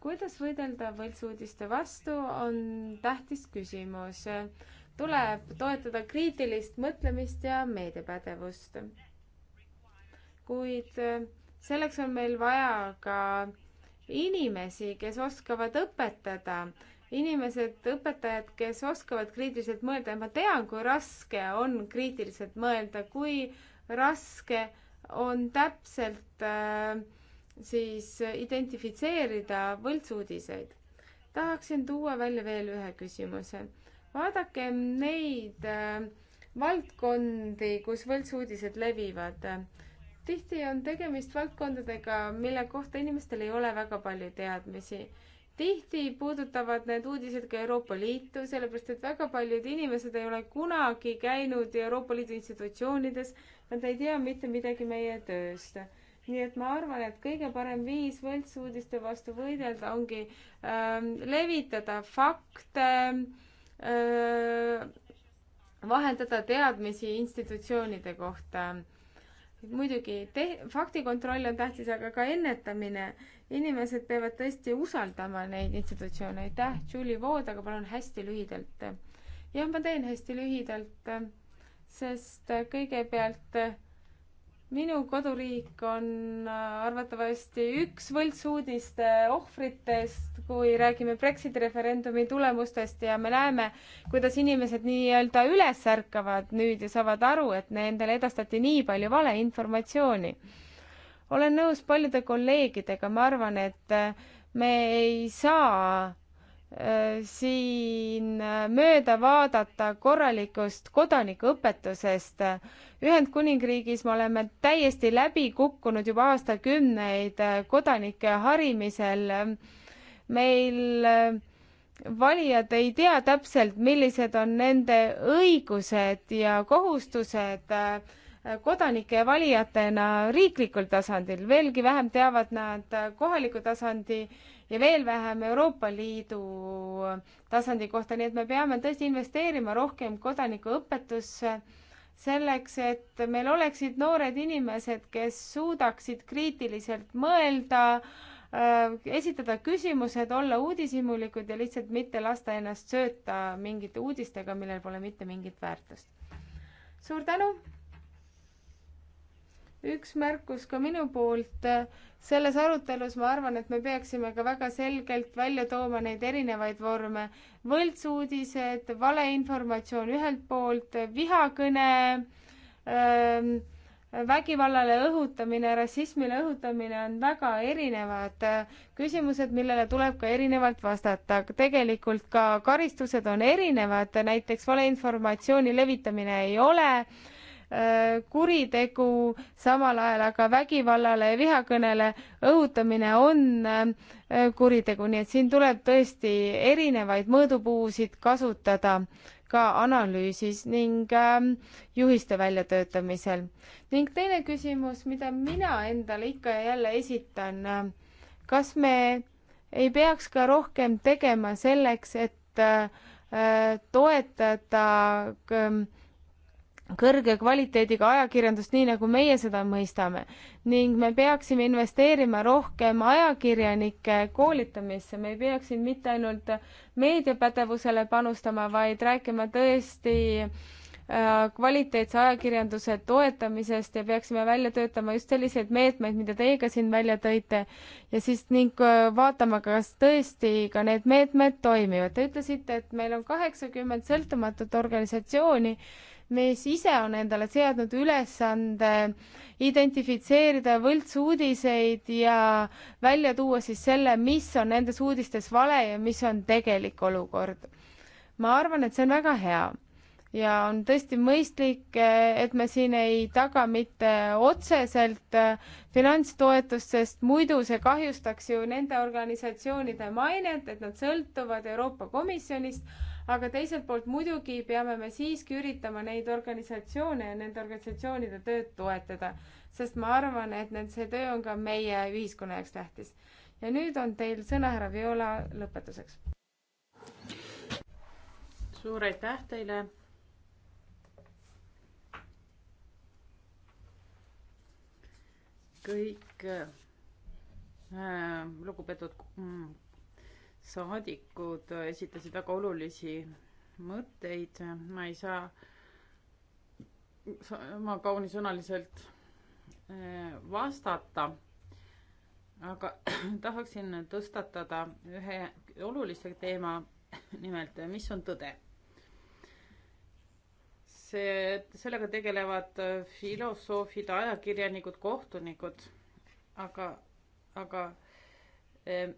kuidas võidelda võltsuudiste vastu, on tähtis küsimus. tuleb toetada kriitilist mõtlemist ja meediapädevust. kuid eh, selleks on meil vaja ka inimesi, kes oskavad õpetada, inimesed, õpetajad, kes oskavad kriitiliselt mõelda ja ma tean, kui raske on kriitiliselt mõelda, kui raske on täpselt äh, siis identifitseerida võltsuudiseid. tahaksin tuua välja veel ühe küsimuse. vaadakem neid äh, valdkondi, kus võltsuudised levivad äh, tihti on tegemist valdkondadega, mille kohta inimestel ei ole väga palju teadmisi. tihti puudutavad need uudised ka Euroopa Liitu, sellepärast et väga paljud inimesed ei ole kunagi käinud Euroopa Liidu institutsioonides, nad ei tea mitte midagi meie tööst nii et ma arvan, et kõige parem viis võltsuudiste vastu võidelda ongi ähm, levitada fakte äh,, vahendada teadmisi institutsioonide kohta muidugi te-, faktikontroll on tähtis, aga ka ennetamine. inimesed peavad tõesti usaldama neid institutsioone. aitäh, Julie Vood, aga palun hästi lühidalt. jah, ma teen hästi lühidalt, sest kõigepealt minu koduriik on äh, arvatavasti üks võltsuudiste ohvritest, kui räägime Brexiti referendumi tulemustest ja me näeme, kuidas inimesed nii-öelda üles ärkavad nüüd ja saavad aru, et nendele edastati nii palju valeinformatsiooni. olen nõus paljude kolleegidega, ma arvan, et äh, me ei saa Äh, siin äh, mööda vaadata korralikust kodanikuõpetusest. Ühendkuningriigis me oleme täiesti läbi kukkunud juba aastakümneid äh, kodanike harimisel. meil valijad ei tea täpselt, millised on nende õigused ja kohustused kodanike ja valijatena riiklikul tasandil, veelgi vähem teavad nad kohaliku tasandi äh, ja veel vähem Euroopa Liidu tasandi kohta, nii et me peame tõesti investeerima rohkem kodanikuõpetusse selleks, et meil oleksid noored inimesed, kes suudaksid kriitiliselt mõelda, äh, esitada küsimused, olla uudishimulikud ja lihtsalt mitte lasta ennast sööta mingite uudistega, millel pole mitte mingit väärtust. suur tänu! üks märkus ka minu poolt. selles arutelus ma arvan, et me peaksime ka väga selgelt välja tooma neid erinevaid vorme. võltsuudised, valeinformatsioon ühelt poolt, vihakõne, ähm, vägivallale õhutamine, rassismile õhutamine on väga erinevad äh, küsimused, millele tuleb ka erinevalt vastata. tegelikult ka karistused on erinevad, näiteks valeinformatsiooni levitamine ei ole Äh, kuritegu, samal ajal aga vägivallale ja vihakõnele õhutamine on äh, kuritegu, nii et siin tuleb tõesti erinevaid mõõdupuusid kasutada ka analüüsis ning ähm, juhiste väljatöötamisel. ning teine küsimus, mida mina endale ikka ja jälle esitan, äh, kas me ei peaks ka rohkem tegema selleks, et toetada ähm, kõrge kvaliteediga ajakirjandust, nii nagu meie seda mõistame. ning me peaksime investeerima rohkem ajakirjanike koolitamisse, me ei peaks siin mitte ainult meediapädevusele panustama, vaid rääkima tõesti äh, kvaliteetse ajakirjanduse toetamisest ja peaksime välja töötama just selliseid meetmeid, mida teie ka siin välja tõite ja siis ning äh, vaatama, kas tõesti ka need meetmed toimivad. Te ütlesite, et meil on kaheksakümmend sõltumatut organisatsiooni mis ise on endale seadnud ülesande identifitseerida võltsuudiseid ja välja tuua siis selle, mis on nendes uudistes vale ja mis on tegelik olukord. ma arvan, et see on väga hea ja on tõesti mõistlik, et me siin ei taga mitte otseselt finantstoetust, sest muidu see kahjustaks ju nende organisatsioonide mainet, et nad sõltuvad Euroopa Komisjonist aga teiselt poolt muidugi peame me siiski üritama neid organisatsioone ja nende organisatsioonide tööd toetada, sest ma arvan, et need, see töö on ka meie ühiskonna jaoks tähtis. ja nüüd on teil sõna, härra Viola, lõpetuseks. suur aitäh teile kõik äh, lugupeetud mm, saadikud esitasid väga olulisi mõtteid, ma ei saa ma kaunisõnaliselt äh, vastata, aga tahaksin tõstatada ühe olulise teema, nimelt, mis on tõde? see, sellega tegelevad äh, filosoofid, ajakirjanikud, kohtunikud, aga, aga äh,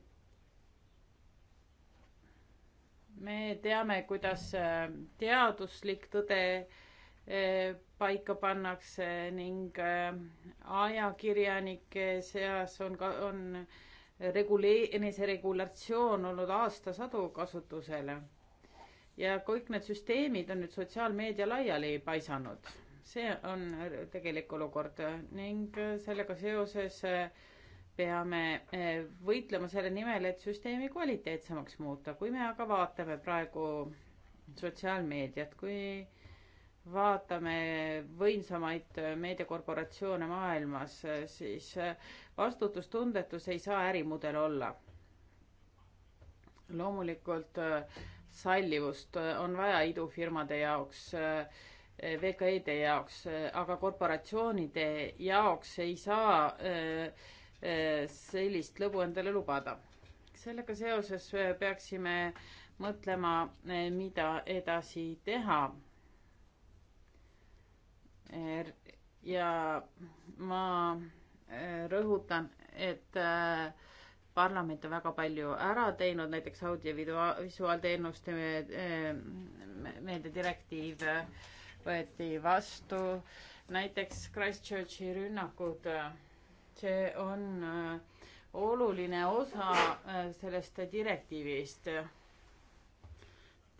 me teame, kuidas äh, teaduslik tõde äh, paika pannakse ning äh, ajakirjanike seas on ka, on regulee-, eneseregulatsioon olnud aastasadu kasutusel. ja kõik need süsteemid on nüüd sotsiaalmeedia laiali paisanud. see on tegelik olukord ning sellega seoses äh, peame eh, võitlema selle nimel, et süsteemi kvaliteetsemaks muuta. kui me aga vaatame praegu sotsiaalmeediat, kui vaatame võimsamaid eh, meediakorporatsioone maailmas, eh, siis vastutustundetus ei saa ärimudel olla. loomulikult sallivust on vaja idufirmade jaoks, VKE-de jaoks, aga korporatsioonide jaoks ei saa äh, Eh, sellist lõbu endale lubada. sellega seoses eh, peaksime mõtlema, eh, mida edasi teha. Er, ja ma rõhutan, et parlament on väga palju ära teinud, näiteks audiovisuaalteenuste meelde direktiiv võeti vastu, näiteks Christchurchi rünnakud see on äh, oluline osa äh, sellest direktiivist.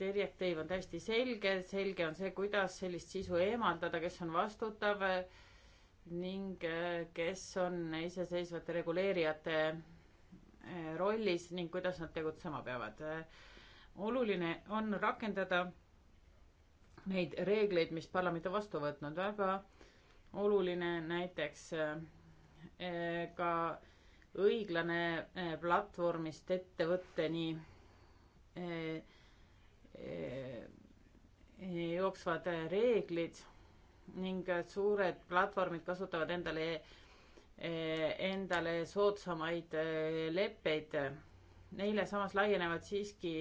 direktiiv on täiesti selge, selge on see, kuidas sellist sisu eemaldada, kes on vastutav äh, ning kes on iseseisvate reguleerijate rollis ning kuidas nad tegutsema peavad. oluline on rakendada neid reegleid, mis parlament on vastu võtnud, väga oluline näiteks ka õiglane eh, platvormist ettevõtteni eh, eh, jooksvad reeglid ning suured platvormid kasutavad endale, endale soodsamaid leppeid. Neile samas laienevad siiski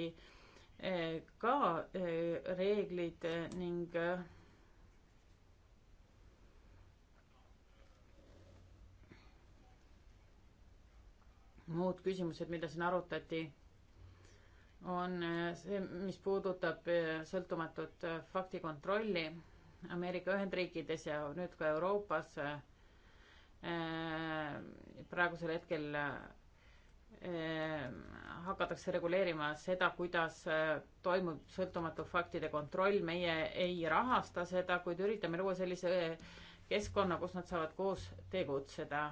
ka reeglid ning muud küsimused, mida siin arutati, on äh, see, mis puudutab äh, sõltumatut äh, faktikontrolli Ameerika Ühendriikides ja nüüd ka Euroopas. praegusel hetkel hakatakse reguleerima seda, kuidas toimub sõltumatu faktide kontroll, meie ei rahasta seda, kuid üritame luua sellise keskkonna, kus nad saavad koos tegutseda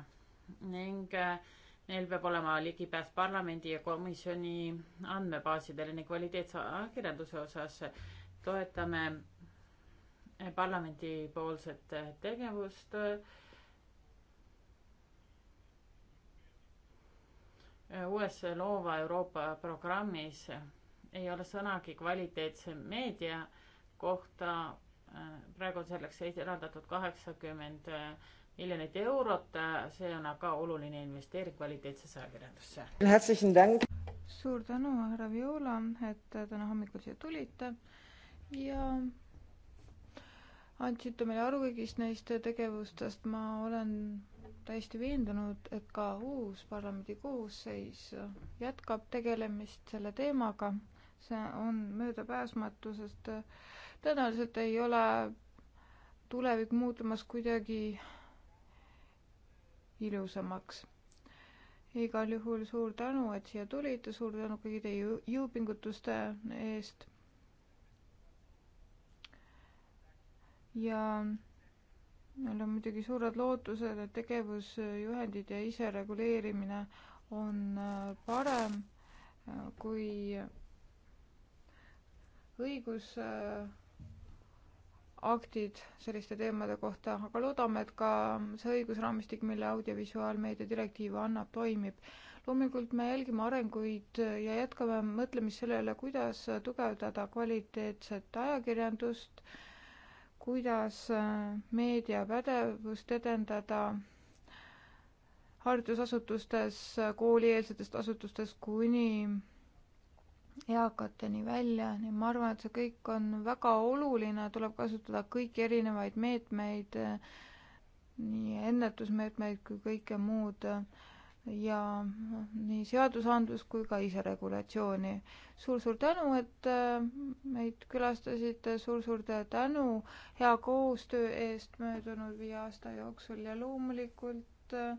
ning äh, Neil peab olema ligipääs parlamendi ja komisjoni andmebaasidele ning kvaliteetse ajakirjanduse osas toetame parlamendipoolset tegevust. uues loova Euroopa programmis ei ole sõnagi kvaliteetse meedia kohta. praegu on selleks eraldatud kaheksakümmend miljonit eurot, see on aga oluline investeering kvaliteetsesse ajakirjandusse. suur tänu, härra Viola, et täna hommikul siia tulite ja andsite meile aru kõigist neist tegevustest, ma olen täiesti veendunud, et ka uus parlamendi koosseis jätkab tegelemist selle teemaga. see on möödapääsmatu, sest tõenäoliselt ei ole tulevik muutumas kuidagi ilusamaks. igal juhul suur tänu, et siia tulite, suur tänu kõigi teie jõupingutuste eest. ja meil on muidugi suured lootused, et tegevusjuhendid ja isereguleerimine on äh, parem äh, kui õigus äh, aktid selliste teemade kohta, aga loodame, et ka see õigusraamistik, mille audiovisuaalmeedia direktiiv annab, toimib. loomulikult me jälgime arenguid ja jätkame mõtlemist sellele, kuidas tugevdada kvaliteetset ajakirjandust, kuidas äh, meediapädevust edendada haridusasutustes, koolieelsetest asutustest kuni eakateni välja, nii ma arvan, et see kõik on väga oluline, tuleb kasutada kõiki erinevaid meetmeid, nii ennetusmeetmeid kui kõike muud ja nii seadusandlust kui ka iseregulatsiooni suur,. suur-suur tänu, et äh, meid külastasite suur,, suur-suur tänu hea koostöö eest möödunud viie aasta jooksul ja loomulikult äh,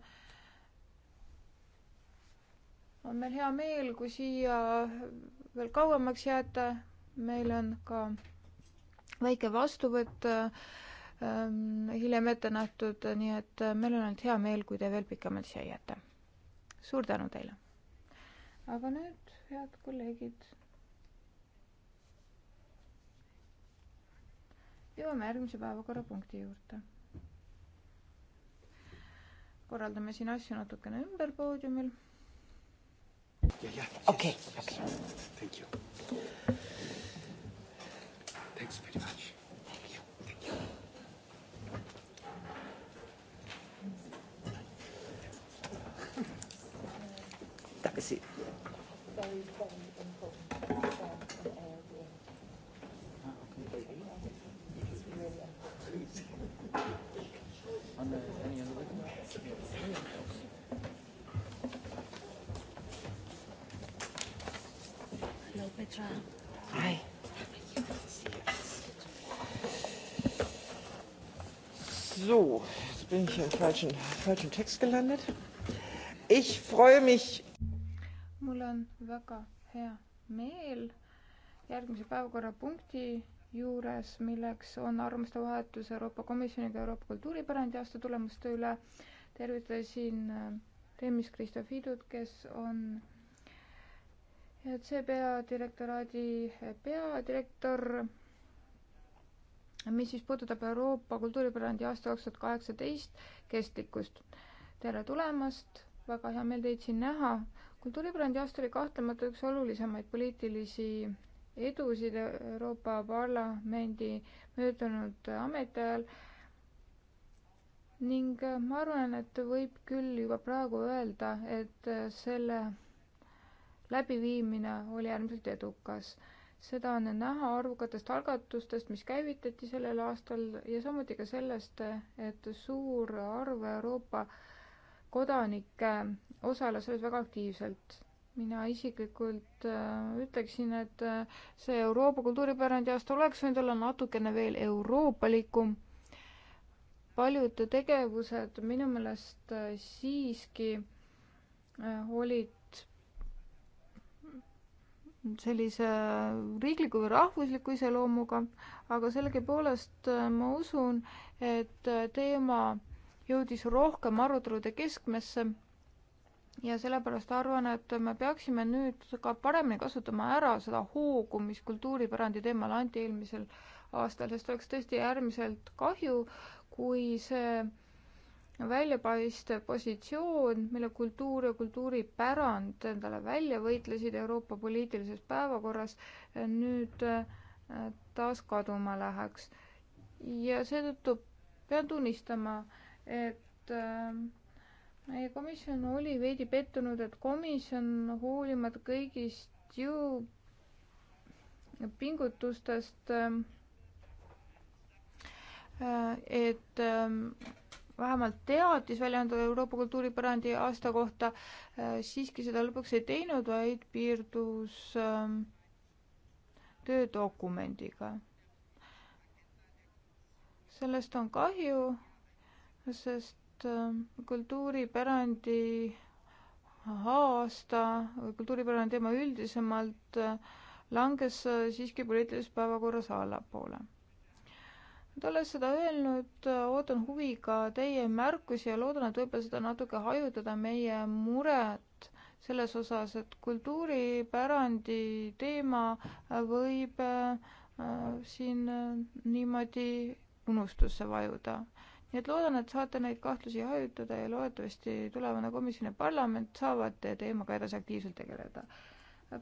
on meil hea meel, kui siia veel kauemaks jääte. meil on ka väike vastuvõtt ähm, hiljem ette nähtud, nii et äh, meil on ainult hea meel, kui te veel pikemalt siia jääte. suur tänu teile. aga nüüd, head kolleegid. jõuame järgmise päevakorrapunkti juurde. korraldame siin asju natukene ümber poodiumil okei, okei. Thank you. Thanks very much. Thank you. Thank you. Danke Sie. Very, very important. On the, any other witness? Yes. はい。So, jetzt bin ich hier im falschen, falschen Text gelandet. Ich freue mich. mul on väga hea meel järgmise päevakorrapunkti juures, milleks on arvamuste vahetus Euroopa Komisjoniga Euroopa kultuuripärandi aasta tulemuste üle. tervitasin äh, Remis Kristofidut, kes on et see peadirektoraadi peadirektor, mis siis puudutab Euroopa kultuuripärandi aasta kaks tuhat kaheksateist kestlikkust. tere tulemast, väga hea meel teid siin näha. kultuuripärandi aasta oli kahtlemata üks olulisemaid poliitilisi edusid Euroopa Parlamendi möödunud ametiajal ning ma arvan, et võib küll juba praegu öelda, et selle läbiviimine oli äärmiselt edukas. seda on näha arvukatest algatustest, mis käivitati sellel aastal ja samuti ka sellest, et suur arv Euroopa kodanikke osales selles väga aktiivselt. mina isiklikult äh, ütleksin, et äh, see Euroopa kultuuripärandi aasta oleks võinud olla natukene veel euroopalikum. paljud tegevused minu meelest äh, siiski äh, olid sellise riikliku või rahvusliku iseloomuga, aga sellegipoolest äh, ma usun, et äh, teema jõudis rohkem arutelude keskmesse ja sellepärast arvan, et me peaksime nüüd ka paremini kasutama ära seda hoogu, mis kultuuripärandi teemal anti eelmisel aastal, sest oleks tõesti äärmiselt kahju, kui see väljapaistev positsioon, mille kultuur ja kultuuripärand endale välja võitlesid Euroopa poliitilises päevakorras, nüüd äh, taas kaduma läheks. ja seetõttu pean tunnistama, et äh, meie komisjon oli veidi pettunud, et komisjon hoolimata kõigist ju pingutustest, äh, et vähemalt teatis välja anda Euroopa kultuuripärandi aasta kohta, äh, siiski seda lõpuks ei teinud, vaid piirdus ähm, töödokumendiga. sellest on kahju, sest ähm, kultuuripärandi aasta, kultuuripärandi teema üldisemalt äh, langes äh, siiski poliitilises päevakorras allapoole olles seda öelnud, ootan huviga teie märkusi ja loodan, et võib-olla seda natuke hajutada meie muret selles osas, et kultuuripärandi teema võib äh, siin äh, niimoodi unustusse vajuda. nii et loodan, et saate neid kahtlusi hajutada ja loodetavasti tulevane komisjon ja parlament saavad teemaga edasi aktiivselt tegeleda.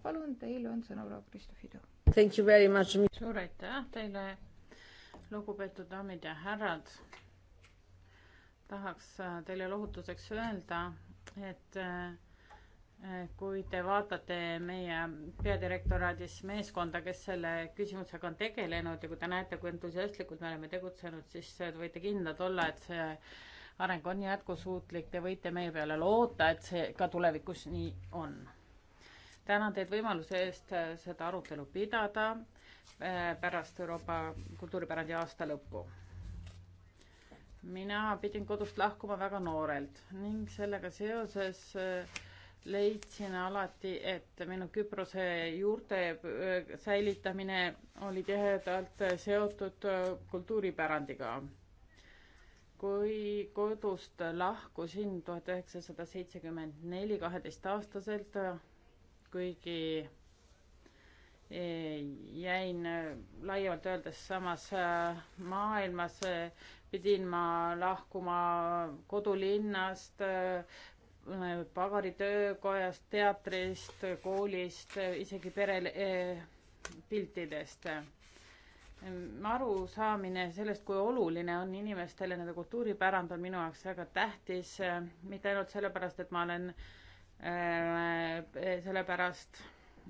palun, teil on sõna, proua Kristofidu. suur aitäh teile lugupeetud daamid ja härrad, tahaks äh, teile lohutuseks öelda, et äh, äh, kui te vaatate meie peadirektoraadis meeskonda, kes selle küsimusega on tegelenud ja kui te näete, kui entusiastlikult me oleme tegutsenud, siis võite kindlad olla, et see areng on jätkusuutlik, te võite meie peale loota, et see ka tulevikus nii on. tänan teid võimaluse eest seda arutelu pidada Eh, pärast Euroopa kultuuripärandi aasta lõppu. mina pidin kodust lahkuma väga noorelt ning sellega seoses eh, leidsin alati, et minu Küprose juurte eh, säilitamine oli tihedalt seotud kultuuripärandiga. kui kodust lahkusin tuhat üheksasada seitsekümmend neli kaheteistaastaselt, kuigi jäin äh, laiemalt öeldes samas äh, maailmas, äh, pidin ma lahkuma kodulinnast, pagaritöökojast, teatrist, koolist, isegi perepiltidest eh,. arusaamine sellest, kui oluline on inimestele nende kultuuripärand, on minu jaoks väga tähtis eh,, mitte ainult sellepärast, et ma olen eh, sellepärast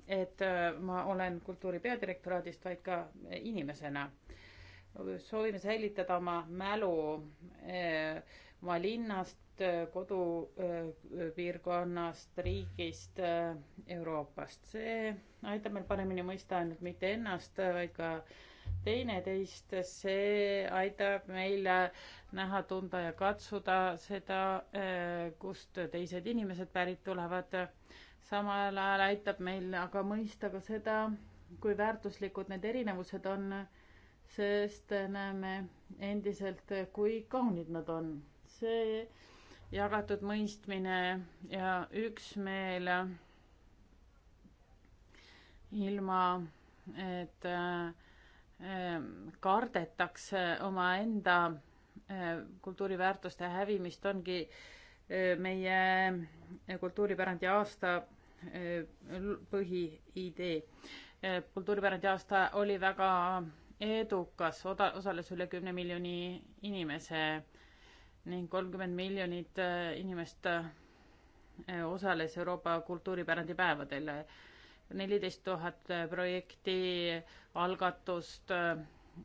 et äh, ma olen kultuuri peadirektoraadist, vaid ka inimesena. soovime säilitada oma mälu äh, oma linnast, äh, kodupiirkonnast, riigist, Euroopast. see aitab meil paremini mõista ainult mitte ennast, vaid ka teineteist, see aitab meil näha, tunda ja katsuda seda, kust teised inimesed pärit tulevad samal ajal aitab meil aga mõista ka seda, kui väärtuslikud need erinevused on, sest näeme endiselt, kui kaunid nad on. see jagatud mõistmine ja üksmeel ilma, et ähm, kardetakse omaenda äh, kultuuriväärtuste hävimist, ongi äh, meie kultuuripärandi aasta Äh, põhiidee. Äh, kultuuripärandi aasta oli väga edukas, oda-, osales üle kümne miljoni inimese ning kolmkümmend miljonit äh, inimest osales Euroopa kultuuripärandipäevadel. neliteist tuhat projekti, algatust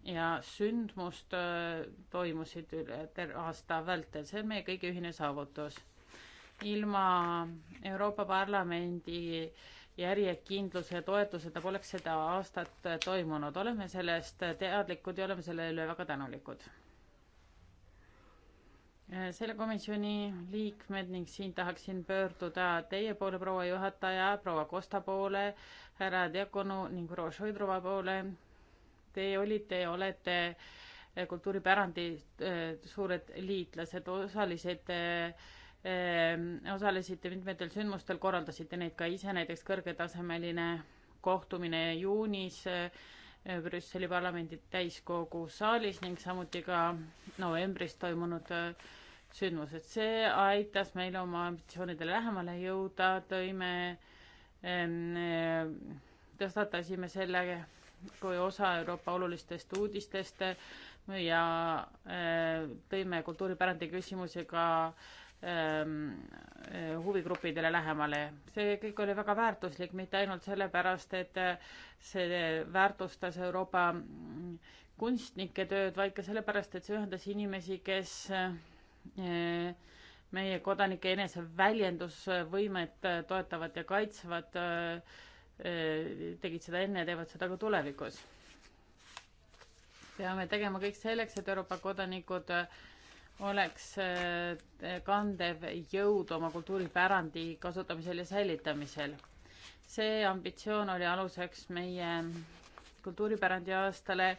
ja sündmust toimusid üle terve aasta vältel, see on meie kõigi ühine saavutus ilma Euroopa Parlamendi järjekindluse ja toetuseta poleks seda aastat toimunud. oleme sellest teadlikud ja oleme selle üle väga tänulikud. selle komisjoni liikmed ning siin tahaksin pöörduda teie poole, proua juhataja, proua Kosta poole, härra Diakonu ning proua Šoidrova poole. Te olite ja olete kultuuripärandi äh, suured liitlased, osalised äh, Ehm, osalesite mitmetel sündmustel, korraldasite neid ka ise, näiteks kõrgetasemeline kohtumine juunis eh, Brüsseli parlamendi täiskogu saalis ning samuti ka novembris toimunud eh, sündmused. see aitas meil oma ambitsioonidele lähemale jõuda, tõime, ehm, eh, tõstatasime selle kui osa Euroopa olulistest uudistest ja tõime kultuuripärandi küsimuse ka äh, Ähm, äh, huvigruppidele lähemale. see kõik oli väga väärtuslik, mitte ainult sellepärast, et äh, see väärtustas Euroopa mm, kunstnike tööd, vaid ka sellepärast, et see ühendas inimesi, kes äh, meie kodanike eneseväljendusvõimet toetavad ja kaitsvad, tegid seda enne ja teevad seda ka tulevikus. peame tegema kõik selleks, et Euroopa kodanikud äh, oleks äh, kandev jõud oma kultuuripärandi kasutamisel ja säilitamisel. see ambitsioon oli aluseks meie kultuuripärandi aastale.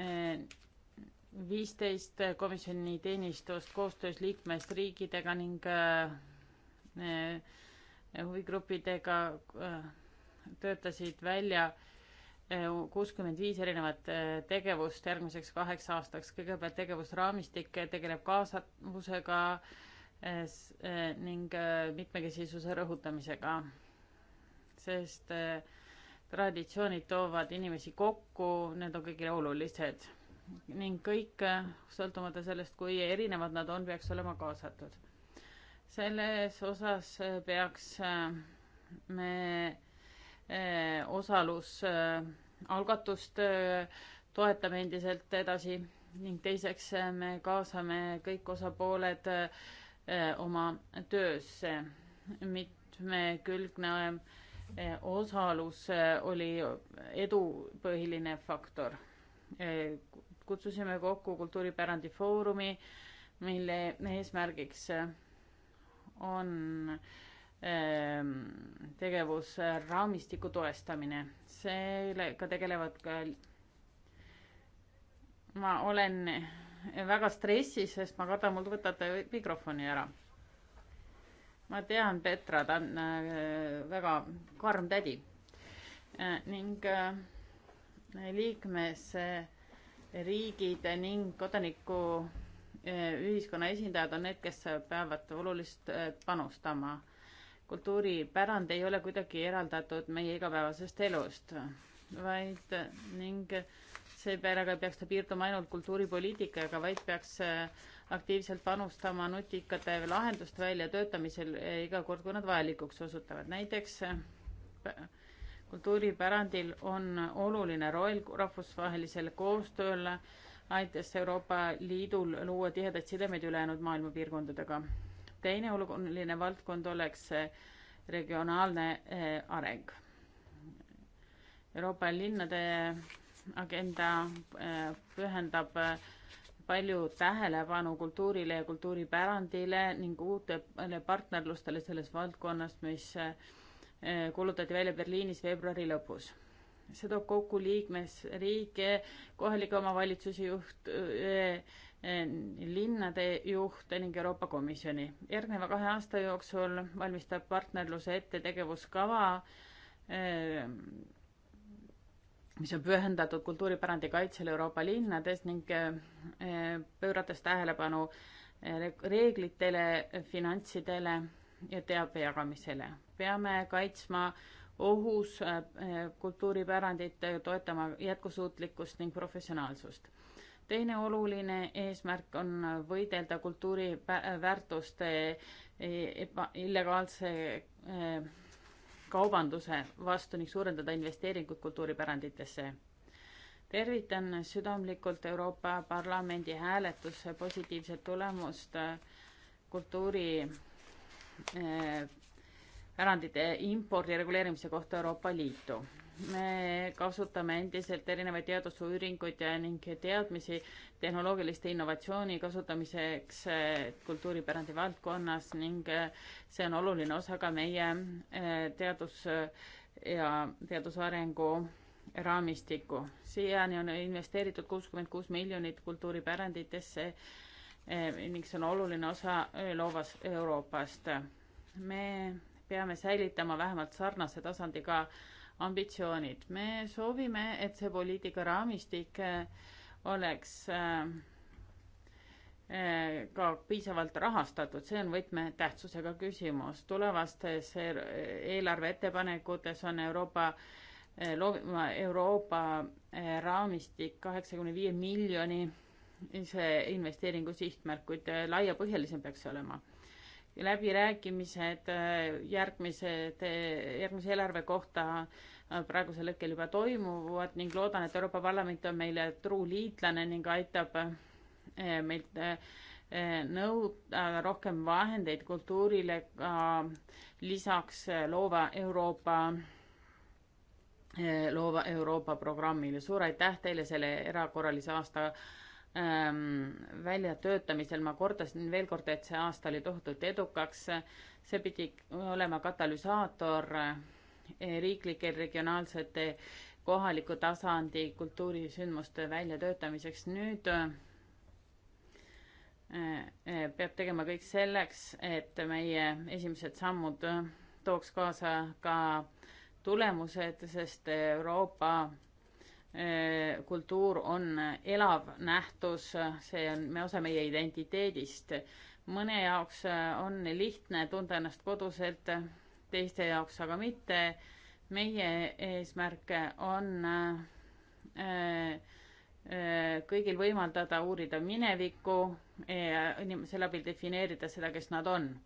Äh, viisteist komisjoni teenistust koostöös liikmesriikidega ning äh, huvigruppidega töötasid välja äh, Äh, kuuskümmend viis erinevat äh, tegevust järgmiseks kaheks aastaks. kõigepealt tegevusraamistik äh, tegeleb kaasavusega ning mitmekesisuse rõhutamisega, sest traditsioonid toovad inimesi kokku, need on kõigile olulised ning kõik, sõltumata sellest, kui erinevad nad on, peaks olema kaasatud. selles osas peaks me Eh, osalusalgatust eh, eh, toetame endiselt edasi ning teiseks me kaasame kõik osapooled oma töösse. mitmekülgne osalus oli edu põhiline faktor. kutsusime kokku Kultuuripärandi Foorumi, mille eesmärgiks on äh, Ehm, tegevusraamistiku toestamine, sellega tegelevad ka ma olen väga stressis, sest ma kardan, mul võtate mikrofoni ära. ma tean Petra, ta on äh, väga karm tädi äh, ning äh, liikmesriigid ning kodaniku ühiskonna esindajad on need, kes peavad olulist panustama kultuuripärand ei ole kuidagi eraldatud meie igapäevasest elust, vaid ning seepeale ei peaks ta piirduma ainult kultuuripoliitikaga, vaid peaks äh, aktiivselt panustama nutikate lahenduste väljatöötamisel äh, iga kord, kui nad vajalikuks osutuvad. näiteks äh, kultuuripärandil on oluline roll rahvusvahelisel koostööl, aitas Euroopa Liidul luua tihedaid sidemeid ülejäänud maailma piirkondadega teine oluline valdkond oleks regionaalne eh, areng. Euroopa linnade agenda eh, pühendab eh, palju tähelepanu kultuurile ja kultuuripärandile ning uutele partnerlustele selles valdkonnas, mis kuulutati välja Berliinis veebruari lõpus. see toob kokku liikmesriike, kohalike omavalitsusi juht, Eh, linnade juhte ning Euroopa Komisjoni. järgneva kahe aasta jooksul valmistab partnerluse ette tegevuskava, eh, mis on pühendatud kultuuripärandi kaitsele Euroopa linnades ning eh, pöörates tähelepanu reeglitele, finantsidele ja teabe jagamisele. peame kaitsma ohus kultuuripärandit, toetama jätkusuutlikkust ning professionaalsust teine oluline eesmärk on võidelda kultuuriväärtuste e, eba, illegaalse e, kaubanduse vastu ning suurendada investeeringuid kultuuripäranditesse. tervitan südamlikult Euroopa Parlamendi hääletuse positiivset tulemust kultuuri e, pärandite impordi reguleerimise kohta Euroopa Liitu me kasutame endiselt erinevaid teadusuuringuid ning teadmisi tehnoloogiliste innovatsiooni kasutamiseks eh, kultuuripärandi valdkonnas ning eh, see on oluline osa ka meie eh, teadus ja teadusarengu raamistikku. siiani on investeeritud kuuskümmend kuus miljonit kultuuripäranditesse ning see on oluline osa loovas Euroopast. me peame säilitama vähemalt sarnase tasandiga ka ambitsioonid. me soovime, et see poliitikaraamistik eh, oleks eh, eh, ka piisavalt rahastatud, see on võtmetähtsusega küsimus. tulevastes er-, eelarveettepanekutes on Euroopa looma Euroopa raamistik kaheksakümne viie miljoni see investeeringu sihtmärk, kuid laiapõhjalisem peaks see olema läbirääkimised äh, järgmise, äh, järgmise eelarve kohta äh, praegusel hetkel juba toimuvad ning loodan, et Euroopa Parlament on meile truu liitlane ning aitab meilt nõuda rohkem vahendeid kultuurile ka lisaks loova Euroopa, loova Euroopa programmile. suur aitäh teile selle erakorralise aasta Ähm, väljatöötamisel, ma kordasin veel kord, et see aasta oli tohutult edukaks, see pidi olema katalüsaator eh, riiklike, regionaalsete, kohaliku tasandi kultuurisündmuste väljatöötamiseks, nüüd eh, eh, peab tegema kõik selleks, et meie esimesed sammud tooks kaasa ka tulemused, sest Euroopa Eh, kultuur on elav nähtus, see on me osa meie identiteedist. mõne jaoks eh, on lihtne tunda ennast koduselt, teiste jaoks aga mitte. meie eesmärk on eh, kõigil võimaldada uurida minevikku, selle abil defineerida seda, kes nad on.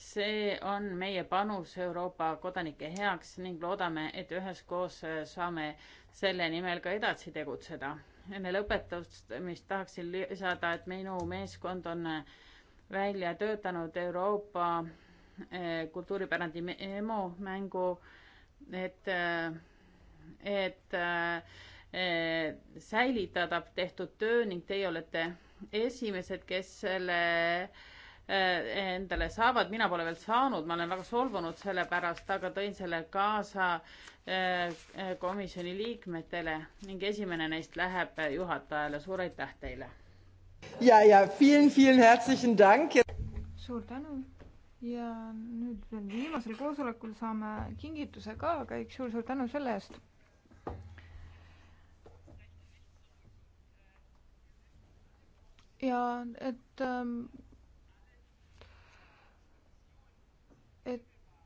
see on meie panus Euroopa kodanike heaks ning loodame, et üheskoos saame äh, selle nimel ka edasi tegutseda. enne lõpetamist tahaksin lisada, et minu meeskond on äh, välja töötanud Euroopa äh, kultuuripärandi EMO mängu, et, äh, et, et säilitada tehtud töö ning teie olete esimesed, kes selle Eh, endale saavad, mina pole veel saanud, ma olen väga solvunud selle pärast, aga tõin selle kaasa eh, eh, komisjoni liikmetele ning esimene neist läheb juhatajale, suur aitäh teile! ja, ja vielen, vielen herzlichen Dank! suur tänu ja nüüd veel viimasel koosolekul saame kingituse ka, aga üks suur-suur tänu selle eest ja et ähm,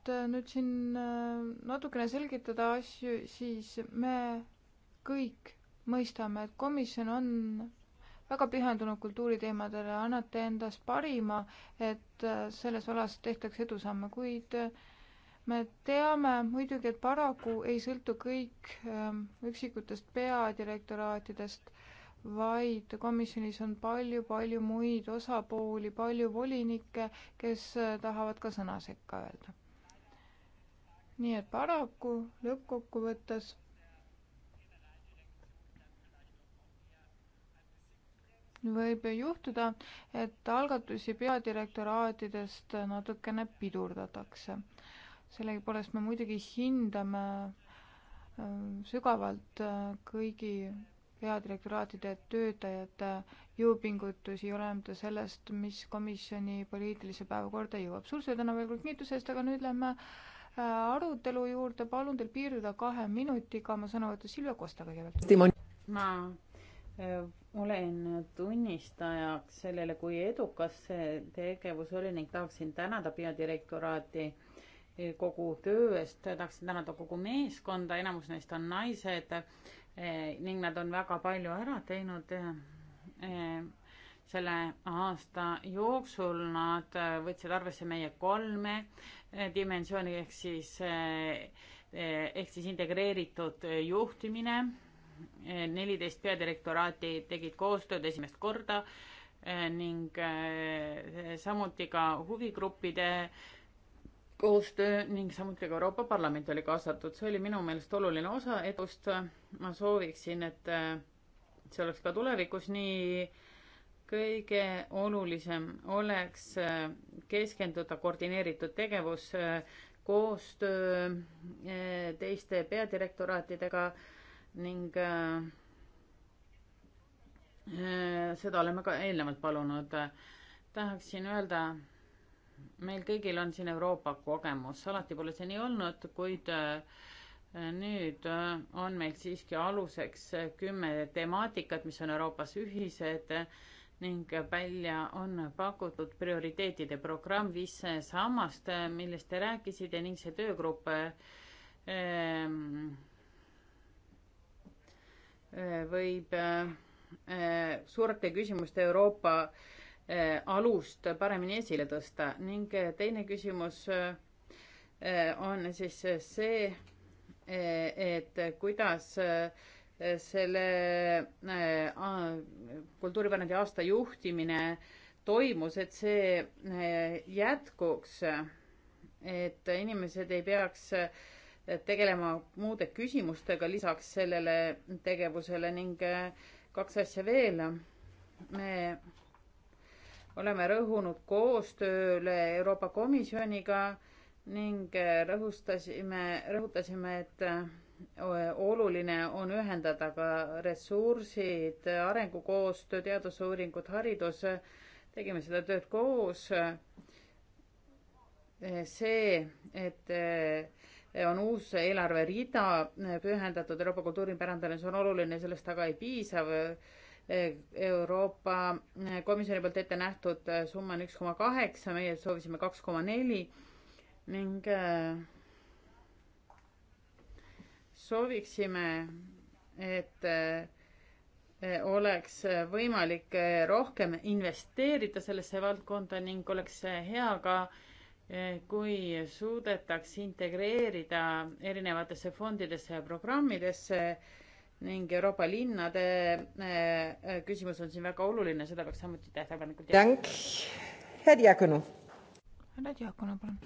Äh, nüüd siin äh, natukene selgitada asju, siis me kõik mõistame, et komisjon on väga pühendunud kultuuriteemadele, annate endast parima, et äh, selles vallas tehtaks edusamme, kuid me teame muidugi, et paraku ei sõltu kõik üksikutest peadirektoraatidest, vaid komisjonis on palju-palju muid osapooli, palju volinikke, kes tahavad ka sõna sekka öelda nii et paraku lõppkokkuvõttes võib juhtuda, et algatusi peadirektoraatidest natukene pidurdatakse. sellegipoolest me muidugi hindame äh, sügavalt äh, kõigi peadirektoraatide töötajate jõupingutusi, olenemata sellest, mis komisjoni poliitilise päevakorda jõuab. suur tänu veel kord kiituse eest, aga nüüd lähme arutelu juurde, palun teil piirduda kahe minutiga, oma sõnavõtu Silvia Kosta kõigepealt. ma äh, olen tunnistajaks sellele, kui edukas see tegevus oli ning tahaksin tänada peadirektoraati äh, kogu töö eest, tahaksin tänada kogu meeskonda, enamus neist on naised äh, ning nad on väga palju ära teinud selle aasta jooksul nad äh, võtsid arvesse meie kolme äh, dimensiooni ehk siis, äh, ehk siis integreeritud juhtimine. neliteist peadirektoraati tegid koostööd esimest korda ning samuti ka huvigruppide koostöö ning samuti ka Euroopa Parlament oli kaasatud, see oli minu meelest oluline osa edust. ma sooviksin, et see oleks ka tulevikus nii äh, kõige olulisem oleks äh, keskenduda koordineeritud tegevus, äh, koostöö äh, teiste peadirektoraatidega ning seda oleme ka eelnevalt palunud. tahaksin öelda, meil kõigil on siin Euroopa kogemus, alati pole see nii olnud, kuid nüüd on meil siiski aluseks kümme temaatikat, mis on Euroopas ühised ning välja on pakutud prioriteetide programm viis sammast, millest te rääkisite ning see töögrupp ehm, võib eh, suurte küsimuste Euroopa eh, alust paremini esile tõsta ning teine küsimus eh, on siis see, et kuidas äh, selle äh, kultuuripärandi aasta juhtimine toimus, et see äh, jätkuks, et inimesed ei peaks äh, tegelema muude küsimustega lisaks sellele tegevusele ning kaks asja veel. me oleme rõhunud koostööle Euroopa Komisjoniga ning rõhustasime, rõhutasime, et oluline on ühendada ka ressursid, arengukoostöö, teadusuuringud, haridus. tegime seda tööd koos. see, et on uus eelarverida pühendatud Euroopa kultuuripärandile, see on oluline, sellest aga ei piisa. Euroopa Komisjoni poolt ette nähtud summa on üks koma kaheksa, meie soovisime kaks koma neli ning äh, sooviksime, et eh, oleks võimalik eh, rohkem investeerida sellesse valdkonda ning oleks hea ka, eh, kui suudetaks integreerida erinevatesse fondidesse ja programmidesse ning Euroopa linnade küsimus on siin väga oluline, seda peaks samuti tähelepanelikult jälgima. härra Diakonu. härra Diakonu, palun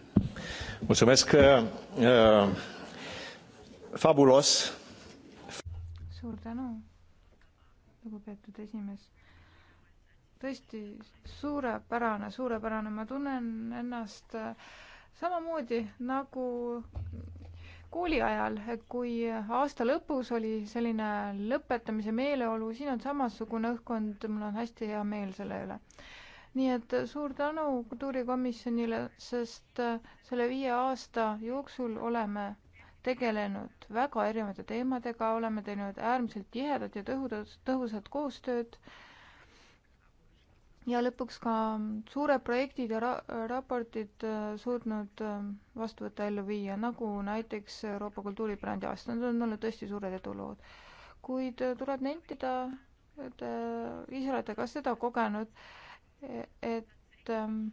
fabulos. suur tänu, lugupeetud esimees. tõesti suurepärane, suurepärane, ma tunnen ennast äh, samamoodi nagu kooli ajal, kui aasta lõpus oli selline lõpetamise meeleolu, siin on samasugune õhkkond, mul on hästi hea meel selle üle. nii et suur tänu kultuurikomisjonile, sest äh, selle viie aasta jooksul oleme tegelenud väga erinevate teemadega, oleme teinud äärmiselt tihedat ja tõhusat, tõhusat koostööd ja lõpuks ka suured projektid ja ra-, raportid äh, suutnud äh, vastu võtta, ellu viia, nagu näiteks Euroopa kultuuripärandi aasta, need on olnud tõesti suured edulood. kuid äh, tuleb nentida, et ise olete ka seda kogenud, e-, et, et ähm,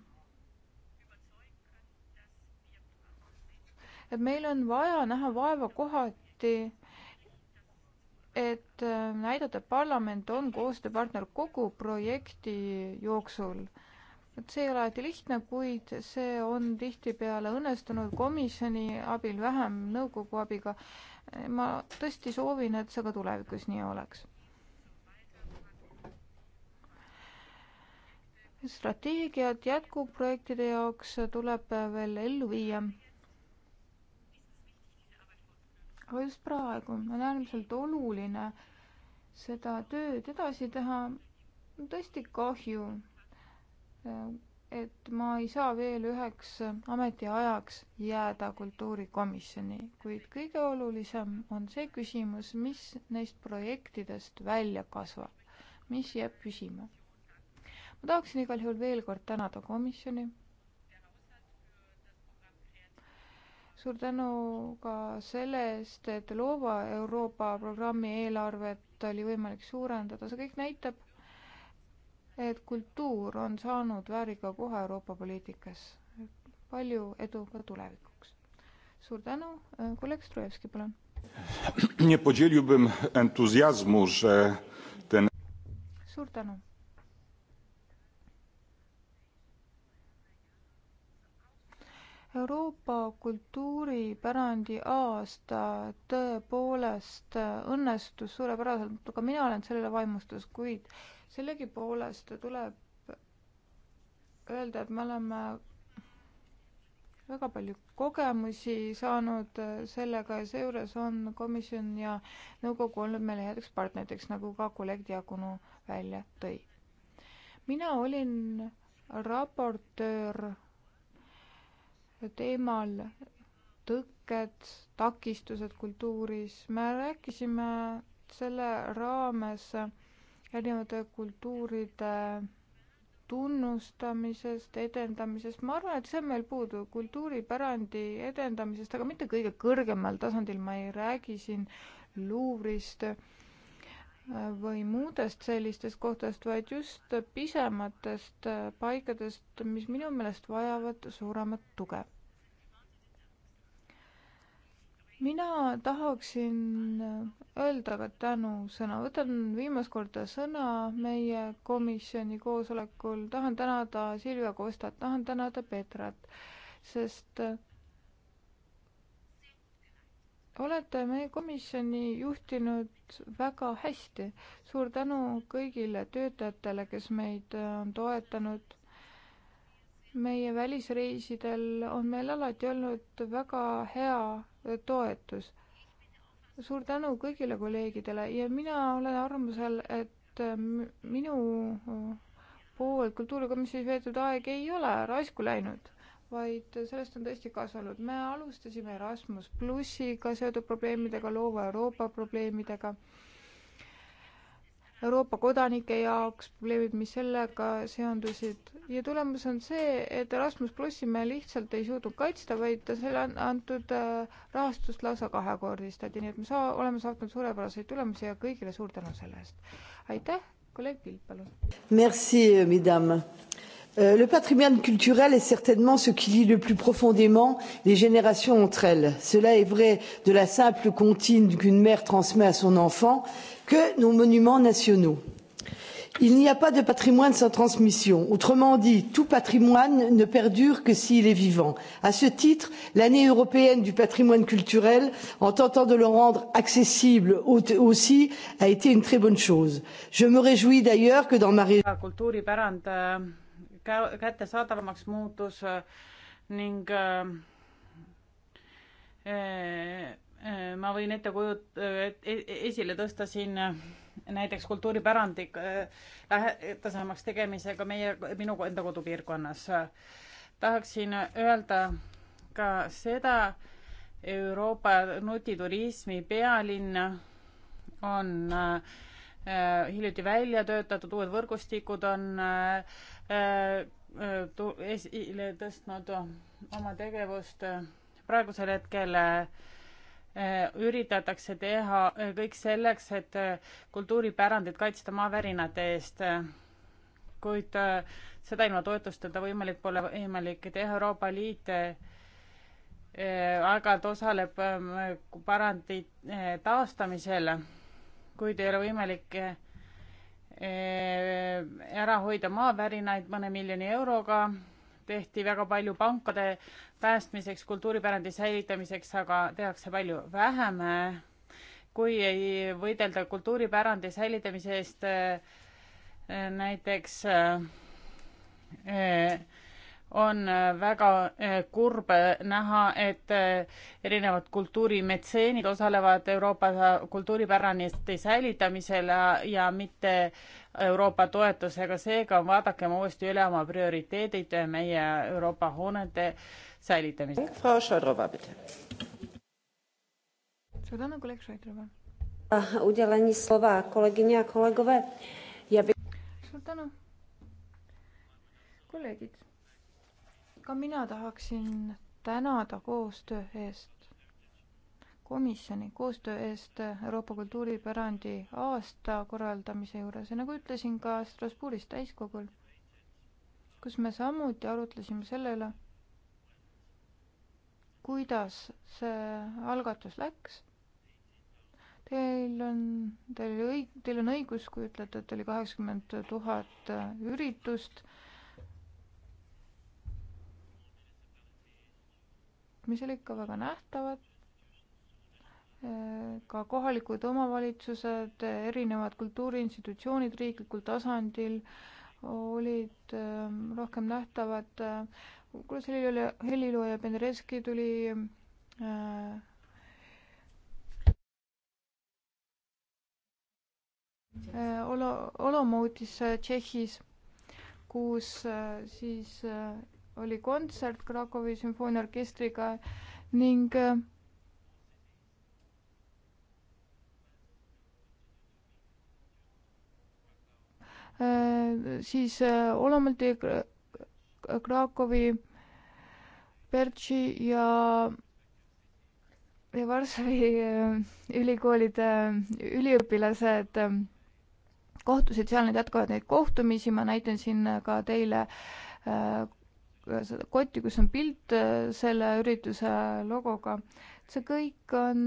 et meil on vaja näha vaeva kohati, et äh, näidata, et parlament on koostööpartner kogu projekti jooksul. et see ei ole alati lihtne, kuid see on tihtipeale õnnestunud komisjoni abil, vähem nõukogu abiga. ma tõesti soovin, et see ka tulevikus nii oleks strateegiat jätkuprojektide jaoks tuleb veel ellu viia aga just praegu on äärmiselt oluline seda tööd edasi teha. tõesti kahju, et ma ei saa veel üheks ametiajaks jääda kultuurikomisjoni, kuid kõige olulisem on see küsimus, mis neist projektidest välja kasvab, mis jääb püsima. ma tahaksin igal juhul veel kord tänada komisjoni suur tänu ka selle eest, et Loova Euroopa programmi eelarvet oli võimalik suurendada, see kõik näitab, et kultuur on saanud väärika koha Euroopa poliitikas. palju edu ka tulevikuks. suur tänu, kolleeg Strojevski, palun. suur tänu Euroopa kultuuripärandi aasta tõepoolest õnnestus suurepäraselt, ka mina olen sellele vaimustus, kuid sellegipoolest tuleb öelda, et me oleme väga palju kogemusi saanud sellega ja seejuures on komisjon ja nõukogu olnud meile headeks partneriteks, nagu ka kolleeg Diakonu välja tõi. mina olin raportöör teemal tõkked, takistused kultuuris. me rääkisime selle raames erinevate kultuuride tunnustamisest, edendamisest, ma arvan, et see on meil puudu, kultuuripärandi edendamisest, aga mitte kõige kõrgemal tasandil, ma ei räägi siin luurist või muudest sellistest kohtadest, vaid just pisematest paikadest, mis minu meelest vajavad suuremat tuge. mina tahaksin öelda ka tänusõna, võtan viimast korda sõna meie komisjoni koosolekul, tahan tänada Silvia Kostat, tahan tänada Petrat, sest olete meie komisjoni juhtinud väga hästi. suur tänu kõigile töötajatele, kes meid on toetanud meie välisreisidel on meil alati olnud väga hea toetus. suur tänu kõigile kolleegidele ja mina olen arvamusel, et äh, minu äh, poolt kultuurikomisjonis veetud aeg ei ole raisku läinud, vaid sellest on tõesti kasu olnud. me alustasime Erasmus plussiga seotud probleemidega, loova Euroopa probleemidega Euroopa kodanike jaoks, probleemid, mis sellega seondusid ja tulemus on see, et Erasmus plussi me lihtsalt ei suutnud kaitsta, vaid selle antud äh, rahastust lausa kahekordistati, nii et me saa-, oleme saatnud suurepäraseid tulemusi ja kõigile suur tänu selle eest. aitäh, kolleeg Pilt, palun. Merci, euh, mesdames. Euh, le patrimoine culturel est certainement ce qui lie le plus profondément les générations entre elles. Cela est vrai de la simple comptine qu'une mère transmet à son enfant, que nos monuments nationaux. Il n'y a pas de patrimoine sans transmission. Autrement dit, tout patrimoine ne perdure que s'il est vivant. À ce titre, l'année européenne du patrimoine culturel, en tentant de le rendre accessible aussi, a été une très bonne chose. Je me réjouis d'ailleurs que dans ma région äh, kättesaadavamaks muutus äh, ning äh, äh, Äh, ma võin ette kujut-, äh, e-, e-, esile tõsta siin äh, näiteks kultuuripärandi lähedasemaks tegemisega meie, minu enda kodupiirkonnas. tahaksin öelda ka seda, Euroopa nutiturismi pealinn on hiljuti välja töötatud, uued võrgustikud on esile tõstnud oma tegevust praegusel hetkel äh, Äh, üritatakse teha äh, kõik selleks, et äh, kultuuripärandit kaitsta maavärinate eest. kuid seda ilma toetusteta võimalik pole võimalik teha. Euroopa Liit aeg-ajalt osaleb pärandi taastamisel, kuid ei ole võimalik ära hoida maavärinaid mõne miljoni euroga tehti väga palju pankade päästmiseks, kultuuripärandi säilitamiseks, aga tehakse palju vähem. kui ei võidelda kultuuripärandi säilitamise eest eh, näiteks eh, on väga eh, kurb näha, et erinevad kultuurimetseenid osalevad Euroopa kultuuripärandi säilitamisel ja mitte Euroopa toetusega, seega vaadakem uuesti üle oma prioriteedid meie Euroopa hoonete säilitamisel. Frau Šodrova, bitte. suur tänu, kolleeg Šodrova. Ah, udělení slova, kolegyně a kolegové. Já bych... Suur tänu. kolleegid, ka mina tahaksin tänada koostöö eest komisjoni koostöö eest Euroopa kultuuripärandi aasta korraldamise juures ja nagu ütlesin ka Strasbourgis täiskogul, kus me samuti arutlesime selle üle, kuidas see algatus läks. Teil on, teil oli õig-, teil on õigus, kui ütlete, et oli kaheksakümmend tuhat üritust, mis oli ikka väga nähtavad ka kohalikud omavalitsused, erinevad kultuuriinstitutsioonid riiklikul tasandil olid ähm, rohkem nähtavad. Äh, kuidas helilooja Penderecki tuli äh, äh Olo-, Olomoutis Tšehhis, kus äh, siis oli kontsert Krakowi sümfooniaorkestriga ning Äh, siis äh, Olamelti, Krakowi, Bertši ja ja Varssavi äh, ülikoolide üliõpilased kohtusid seal, nad jätkavad neid kohtumisi, ma näitan siin ka teile seda kotti, kus on pilt selle ürituse logoga. see kõik on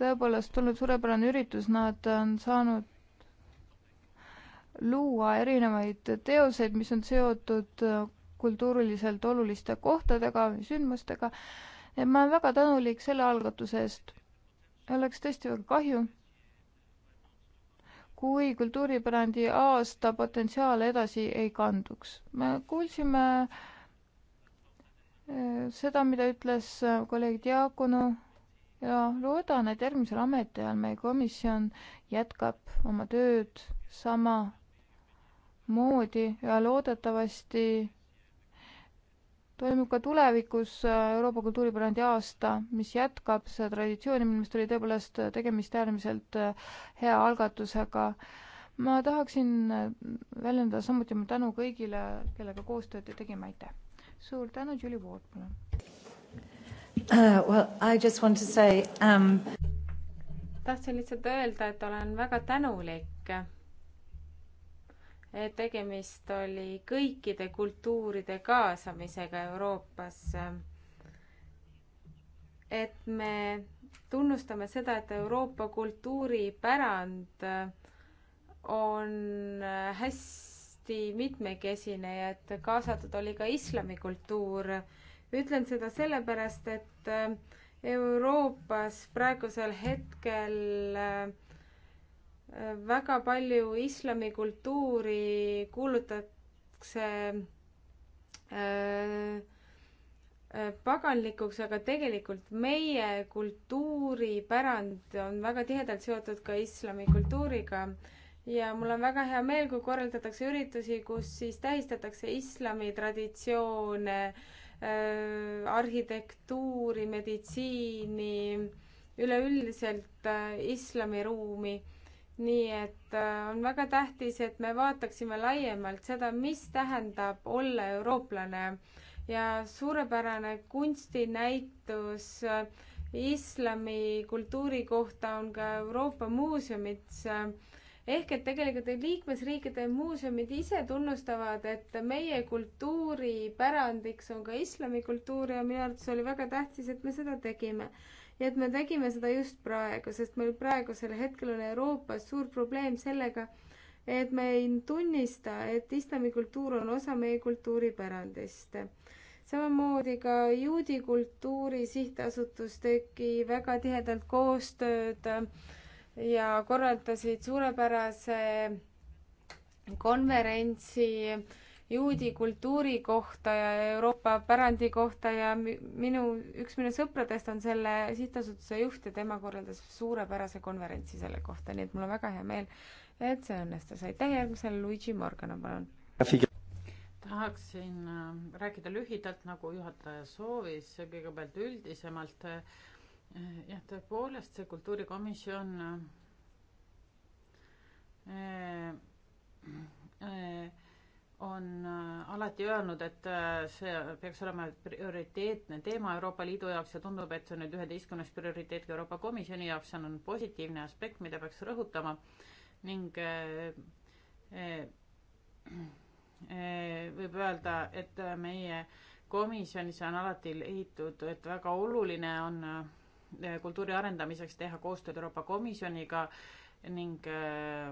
tõepoolest olnud suurepärane üritus, nad on saanud luua erinevaid teoseid, mis on seotud äh, kultuuriliselt oluliste kohtadega, sündmustega. et ma olen väga tänulik selle algatuse eest. oleks tõesti väga kahju, kui kultuuripärandi aasta potentsiaal edasi ei kanduks. me kuulsime äh, seda, mida ütles äh, kolleeg Diakonu ja loodan, et järgmisel ametiajal meie komisjon jätkab oma tööd sama moodi ja loodetavasti toimub ka tulevikus äh, Euroopa kultuuripärandi aasta, mis jätkab seda traditsiooni, minu meelest oli tõepoolest äh, tegemist äärmiselt äh, hea algatusega. ma tahaksin väljendada samuti oma tänu kõigile, kellega koostööd tegime, aitäh! suur tänu, Julie Ward, palun uh,! Well, I just want to say um... tahtsin lihtsalt öelda, et olen väga tänulik et tegemist oli kõikide kultuuride kaasamisega Euroopasse. et me tunnustame seda, et Euroopa kultuuripärand on hästi mitmekesine ja et kaasatud oli ka islamikultuur. ütlen seda sellepärast, et Euroopas praegusel hetkel äh, väga palju islami kultuuri kuulutakse äh, äh, paganlikuks, aga tegelikult meie kultuuripärand on väga tihedalt seotud ka islami kultuuriga. ja mul on väga hea meel, kui korraldatakse üritusi, kus siis tähistatakse islami traditsioone äh,, arhitektuuri, meditsiini, üleüldiselt äh, islamiruumi nii et äh, on väga tähtis, et me vaataksime laiemalt seda, mis tähendab olla eurooplane ja suurepärane kunstinäitus äh, islami kultuuri kohta on ka Euroopa muuseumides äh, ehk et tegelikult liikmesriikide muuseumid ise tunnustavad, et meie kultuuripärandiks on ka islamikultuur ja minu arvates oli väga tähtis, et me seda tegime ja et me tegime seda just praegu, sest meil praegusel hetkel on Euroopas suur probleem sellega, et me ei tunnista, et islamikultuur on osa meie kultuuripärandist. samamoodi ka juudi kultuuri sihtasutus tegi väga tihedalt koostööd ja korraldasid suurepärase konverentsi äh, juudi kultuuri kohta ja Euroopa pärandi kohta ja minu, üks minu sõpradest on selle sihtasutuse juht ja tema korraldas suurepärase konverentsi selle kohta, nii et mul on väga hea meel, et see õnnestus. aitäh, järgmisele Luigi Morgana, palun. tahaksin äh, rääkida lühidalt, nagu juhataja soovis, kõigepealt üldisemalt. Äh, jah, tõepoolest see kultuurikomisjon äh, äh, on äh, alati öelnud, et äh, see peaks olema prioriteetne teema Euroopa Liidu jaoks ja tundub, et see on nüüd üheteistkümnes prioriteet ka Euroopa Komisjoni jaoks, see on positiivne aspekt, mida peaks rõhutama ning eh, eh, eh, võib öelda, et meie komisjonis on alati leitud, et väga oluline on kultuuri arendamiseks teha koostööd Euroopa Komisjoniga ning äh,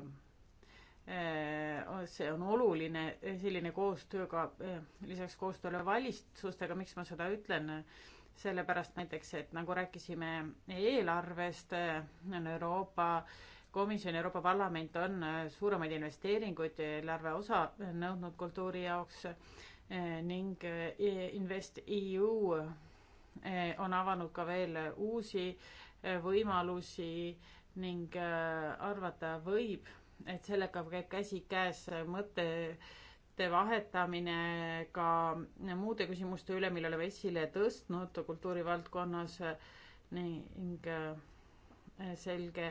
Äh, see on oluline, selline koostöö ka äh, lisaks koostööle valitsustega, miks ma seda ütlen, sellepärast näiteks, et nagu rääkisime eelarvest, äh, on Euroopa Komisjon, Euroopa Parlament on suuremaid investeeringuid eelarve osa nõudnud kultuuri jaoks ning InvestEU on avanud ka veel uusi võimalusi ning arvata võib et sellega käib käsikäes mõtete vahetamine ka muude küsimuste üle, mille oleme esile tõstnud kultuurivaldkonnas ning äh, selge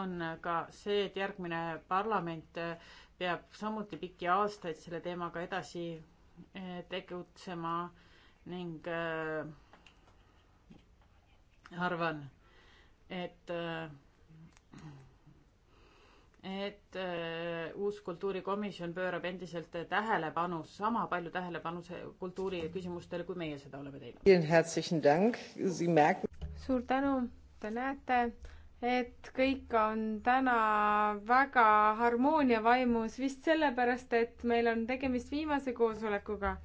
on ka see, et järgmine parlament äh, peab samuti pikki aastaid selle teemaga edasi äh, tegutsema ning arvan, et et äh, uus kultuurikomisjon pöörab endiselt tähelepanu, sama palju tähelepanu kultuuriküsimustele, kui meie seda oleme teinud. suur tänu, te näete, et kõik on täna väga harmooniavaimus vist sellepärast, et meil on tegemist viimase koosolekuga.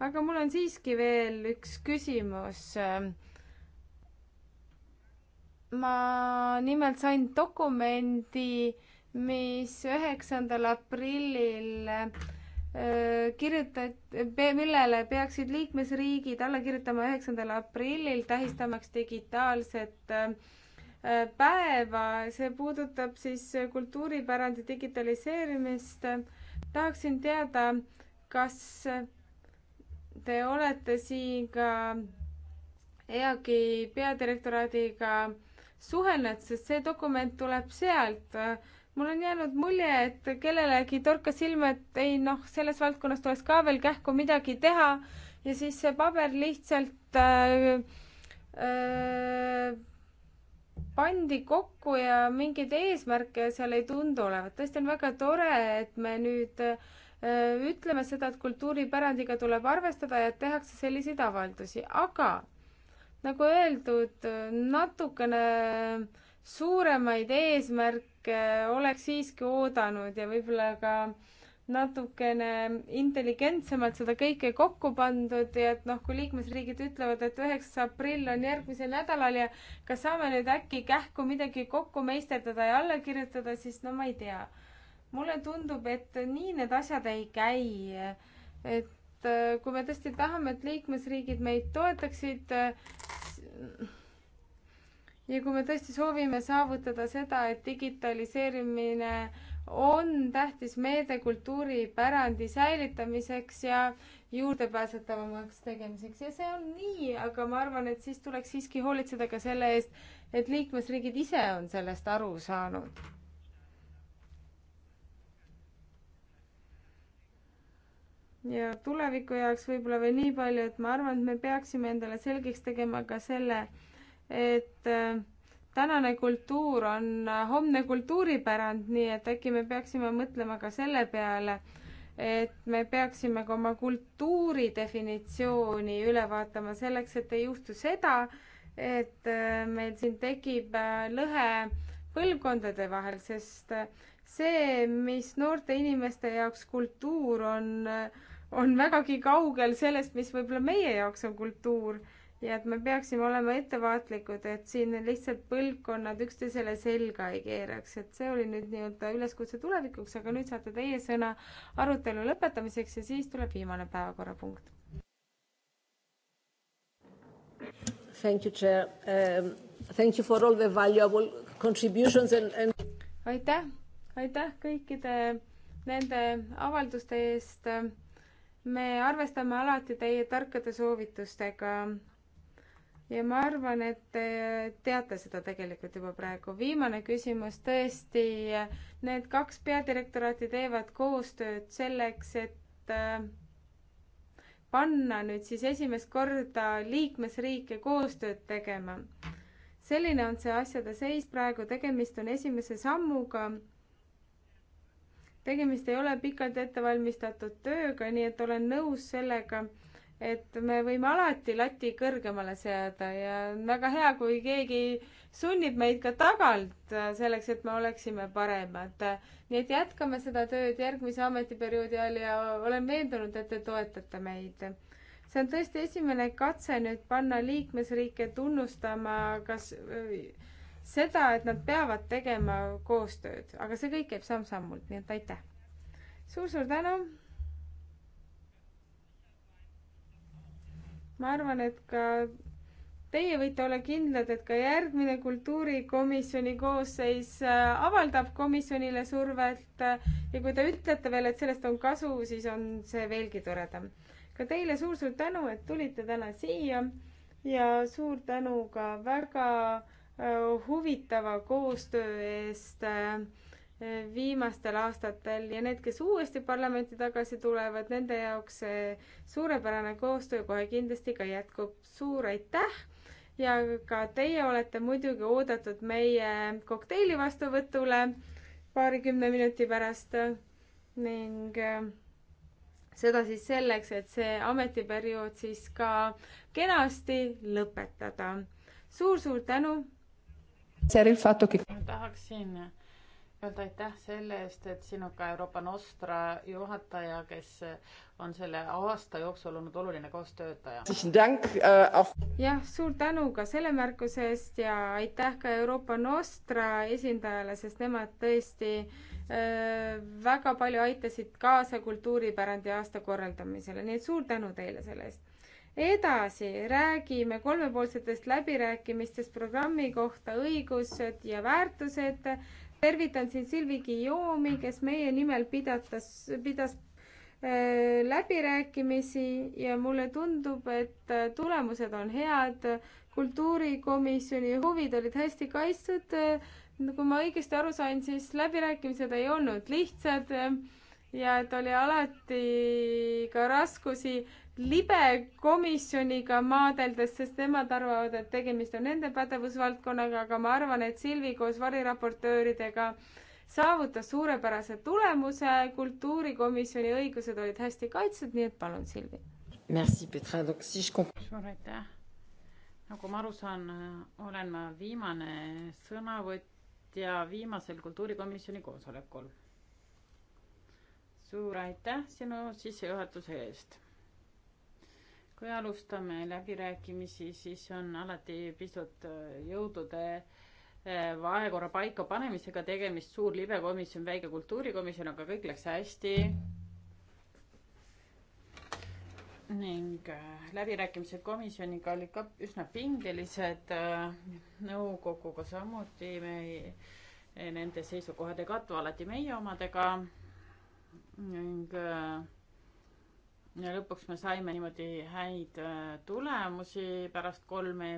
aga mul on siiski veel üks küsimus ma nimelt sain dokumendi mis üheksandal aprillil äh, kirjutat-, millele peaksid liikmesriigid alla kirjutama üheksandal aprillil, tähistamaks digitaalset äh, päeva, see puudutab siis kultuuripärandi digitaliseerimist. tahaksin teada, kas te olete siin ka EAG-i peadirektoraadiga suhelnud, sest see dokument tuleb sealt mul on jäänud mulje, et kellelegi torkas silma, et ei noh, selles valdkonnas tuleks ka veel kähku midagi teha ja siis see paber lihtsalt äh, äh, pandi kokku ja mingeid eesmärke seal ei tundu olevat. tõesti on väga tore, et me nüüd äh, ütleme seda, et kultuuripärandiga tuleb arvestada ja tehakse selliseid avaldusi, aga nagu öeldud, natukene suuremaid eesmärke natuke eh, oleks siiski oodanud ja võib-olla ka natukene intelligentsemalt seda kõike kokku pandud ja et noh, kui liikmesriigid ütlevad, et üheksas aprill on järgmisel nädalal ja kas saame nüüd äkki kähku midagi kokku meisterdada ja alla kirjutada, siis no ma ei tea. mulle tundub, et nii need asjad ei käi. et eh, kui me tõesti tahame, et liikmesriigid meid toetaksid, eh, ja kui me tõesti soovime saavutada seda, et digitaliseerimine on tähtis meede kultuuripärandi säilitamiseks ja juurdepääsetavamaks tegemiseks ja see on nii, aga ma arvan, et siis tuleks siiski hoolitseda ka selle eest, et liikmesriigid ise on sellest aru saanud. ja tuleviku jaoks võib-olla veel nii palju, et ma arvan, et me peaksime endale selgeks tegema ka selle, et äh, tänane kultuur on äh, homne kultuuripärand, nii et äkki me peaksime mõtlema ka selle peale, et me peaksime ka oma kultuuri definitsiooni üle vaatama selleks, et ei juhtu seda, et äh, meil siin tekib lõhe põlvkondade vahel, sest see, mis noorte inimeste jaoks kultuur on, on vägagi kaugel sellest, mis võib-olla meie jaoks on kultuur ja et me peaksime olema ettevaatlikud, et siin lihtsalt põlvkonnad üksteisele selga ei keeraks, et see oli nüüd nii-öelda üleskutse tulevikuks, aga nüüd saate teie sõna arutelu lõpetamiseks ja siis tuleb viimane päevakorrapunkt. Thank you, chair um,. Thank you for all the valuable contributions and, and. aitäh, aitäh kõikide nende avalduste eest. me arvestame alati teie tarkade soovitustega ja ma arvan, et te teate seda tegelikult juba praegu. viimane küsimus, tõesti, need kaks peadirektoraati teevad koostööd selleks, et äh, panna nüüd siis esimest korda liikmesriike koostööd tegema. selline on see asjade seis praegu, tegemist on esimese sammuga tegemist ei ole pikalt ettevalmistatud tööga, nii et olen nõus sellega, et me võime alati lati kõrgemale seada ja on väga hea, kui keegi sunnib meid ka tagant selleks, et me oleksime paremad. nii et jätkame seda tööd järgmise ametiperioodi ajal ja olen veendunud, et te toetate meid. see on tõesti esimene katse nüüd panna liikmesriike tunnustama, kas äh, seda, et nad peavad tegema koostööd, aga see kõik käib samm-sammult, nii et aitäh suur,! suur-suur tänu! ma arvan, et ka teie võite olla kindlad, et ka järgmine kultuurikomisjoni koosseis äh, avaldab komisjonile survet äh, ja kui te ütlete veel, et sellest on kasu, siis on see veelgi toredam. ka teile suur-suur tänu, et tulite täna siia ja suur tänu ka väga äh, huvitava koostöö eest äh, viimastel aastatel ja need, kes uuesti parlamenti tagasi tulevad, nende jaoks see suurepärane koostöö kohe kindlasti ka jätkub. suur aitäh ja ka teie olete muidugi oodatud meie kokteili vastuvõtule paarikümne minuti pärast ning äh, seda siis selleks, et see ametiperiood siis ka kenasti lõpetada suur,. suur-suur tänu! tahaksin öelda aitäh selle eest, et siin on ka Euroopa Nostra juhataja, kes on selle aasta jooksul olnud oluline koostöötaja. Äh, jah, suur tänu ka selle märkuse eest ja aitäh ka Euroopa Nostra esindajale, sest nemad tõesti öö, äh, väga palju aitasid kaasa kultuuripärandi aasta korraldamisele, nii et suur tänu teile selle eest edasi räägime kolmepoolsetest läbirääkimistest programmi kohta õigused ja väärtused tervitan siin Silvi Guillaume'i, kes meie nimel pidatas, pidas äh, läbirääkimisi ja mulle tundub, et äh, tulemused on head. kultuurikomisjoni huvid olid hästi kaitstud. Äh, kui ma õigesti aru sain, siis läbirääkimised ei olnud lihtsad äh, ja et oli alati ka raskusi libe komisjoniga maadeldes, sest nemad arvavad, et tegemist on nende pädevusvaldkonnaga, aga ma arvan, et Silvi koos variraportööridega saavutas suurepärase tulemuse, kultuurikomisjoni õigused olid hästi kaitstud, nii et palun, Silvi. suur aitäh. nagu ma aru saan, olen ma viimane sõnavõtja viimasel kultuurikomisjoni koosolekul. suur aitäh sinu sissejuhatuse eest kui alustame läbirääkimisi, siis on alati pisut äh, jõudude äh, vahekorra paikapanemisega tegemist, suur libekomisjon, väike kultuurikomisjon, aga kõik läks hästi. ning äh, läbirääkimised komisjoniga olid ka üsna pingelised, nõukoguga samuti, me ei, nende seisukohad ei kattu alati meie omadega ning äh, ja lõpuks me saime niimoodi häid äh, tulemusi pärast kolme,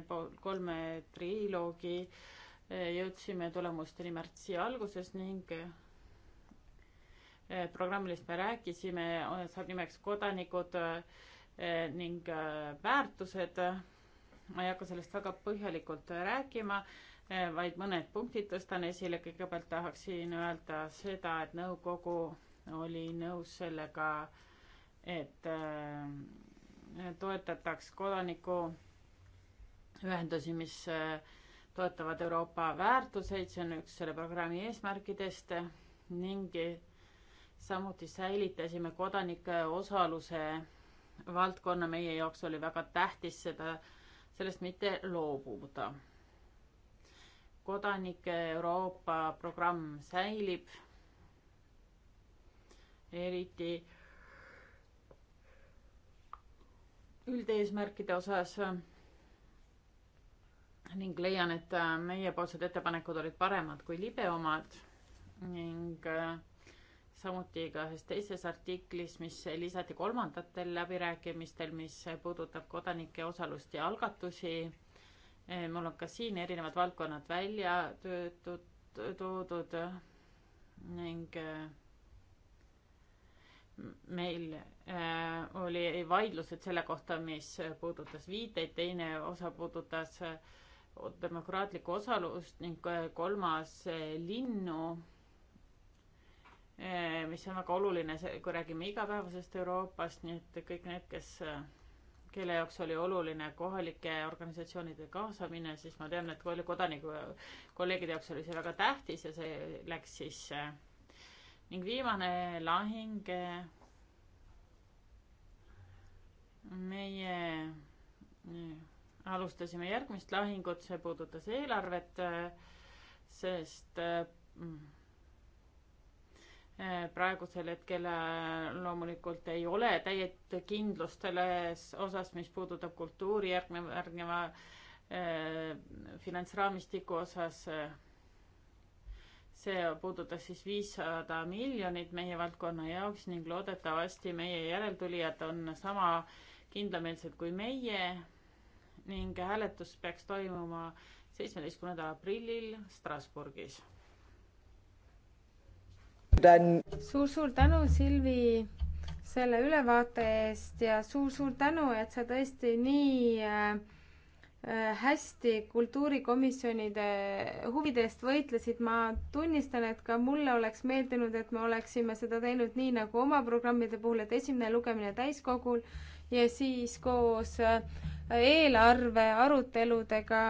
kolme triloogi äh, jõudsime tulemusteni märtsi alguses ning äh, programm, millest me rääkisime, saab nimeks Kodanikud ning väärtused. ma ei hakka sellest väga põhjalikult rääkima, vaid mõned punktid tõstan esile. kõigepealt tahaksin öelda seda, et nõukogu oli nõus sellega äh, et äh, toetataks kodanikuühendusi, mis äh, toetavad Euroopa väärtuseid, see on üks selle programmi eesmärkidest ning samuti säilitasime kodanike osaluse valdkonna, meie jaoks oli väga tähtis seda, sellest mitte loobuda. kodanike Euroopa programm säilib, eriti üldeesmärkide osas ning leian, et äh, meiepoolsed ettepanekud olid paremad kui libe omad ning äh, samuti ka ühes teises artiklis, mis lisati kolmandatel läbirääkimistel, mis puudutab kodanike osalust ja algatusi. Äh, mul on ka siin erinevad valdkonnad välja töötud, toodud ning meil äh, oli vaidlused selle kohta, mis puudutas viiteid, teine osa puudutas äh, demokraatlikku osalust ning äh, kolmas linnu, mis on väga oluline, kui räägime igapäevasest Euroopast, nii et kõik need, kes, kelle jaoks oli oluline kohalike organisatsioonide kaasamine, siis ma tean, et kodaniku, kolleegide jaoks oli see väga tähtis ja see läks siis äh, ning viimane lahing eh, meie eh, alustasime järgmist lahingut, see puudutas eelarvet, eh, sest mm, praegusel hetkel loomulikult ei ole täiet kindlust selles osas, mis puudutab kultuuri järgneva, järgneva finantsraamistiku osas see puudutas siis viissada miljonit meie valdkonna jaoks ning loodetavasti meie järeltulijad on sama kindlameelsed kui meie ning hääletus peaks toimuma seitsmeteistkümnendal aprillil Strasbourgis suur,. suur-suur tänu, Silvi, selle ülevaate eest ja suur-suur tänu, et sa tõesti nii äh, Äh, hästi kultuurikomisjonide huvide eest võitlesid, ma tunnistan, et ka mulle oleks meeldinud, et me oleksime seda teinud nii nagu oma programmide puhul, et esimene lugemine täiskogul ja siis koos äh, eelarve aruteludega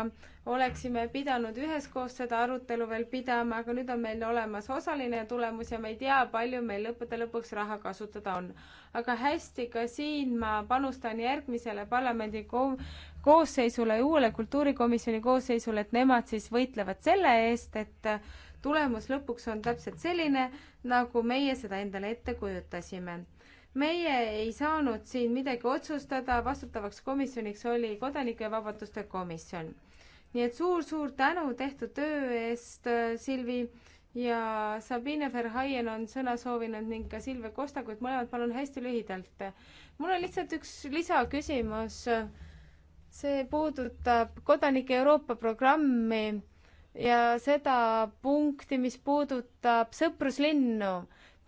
oleksime pidanud üheskoos seda arutelu veel pidama, aga nüüd on meil olemas osaline tulemus ja me ei tea, palju meil lõppude lõpuks raha kasutada on. aga hästi, ka siin ma panustan järgmisele parlamendi kom-, koosseisule, uuele kultuurikomisjoni koosseisule, et nemad siis võitlevad selle eest, et tulemus lõpuks on täpselt selline, nagu meie seda endale ette kujutasime meie ei saanud siin midagi otsustada, vastutavaks komisjoniks oli Kodanike ja Vabaduste Komisjon. nii et suur-suur tänu tehtud töö eest, Silvi, ja Sabine Verhaien on sõna soovinud ning ka Silvia Kosta, kuid mõlemad palun hästi lühidalt. mul on lihtsalt üks lisaküsimus see puudutab Kodanike Euroopa programmi ja seda punkti, mis puudutab sõpruslinnu.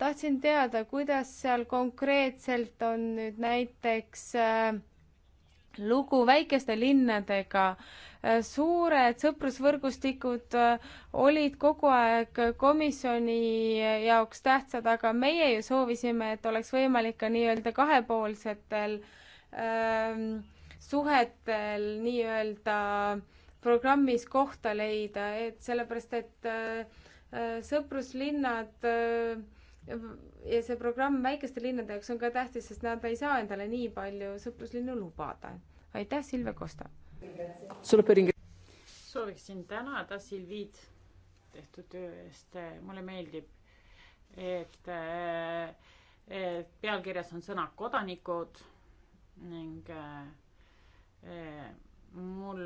tahtsin teada, kuidas seal konkreetselt on nüüd näiteks äh, lugu väikeste linnadega. Äh, suured sõprusvõrgustikud äh, olid kogu aeg komisjoni jaoks tähtsad, aga meie ju soovisime, et oleks võimalik ka nii-öelda kahepoolsetel ähm, suhetel nii-öelda programmis kohta leida, et sellepärast, et äh, äh, sõpruslinnad äh, ja see programm väikeste linnade jaoks on ka tähtis, sest nad ei saa endale nii palju sõpruslinnu lubada. aitäh, Silvia Kosta! sooviksin tänada Silvit tehtud töö eest, mulle meeldib, et, äh, et pealkirjas on sõna kodanikud ning äh, mul,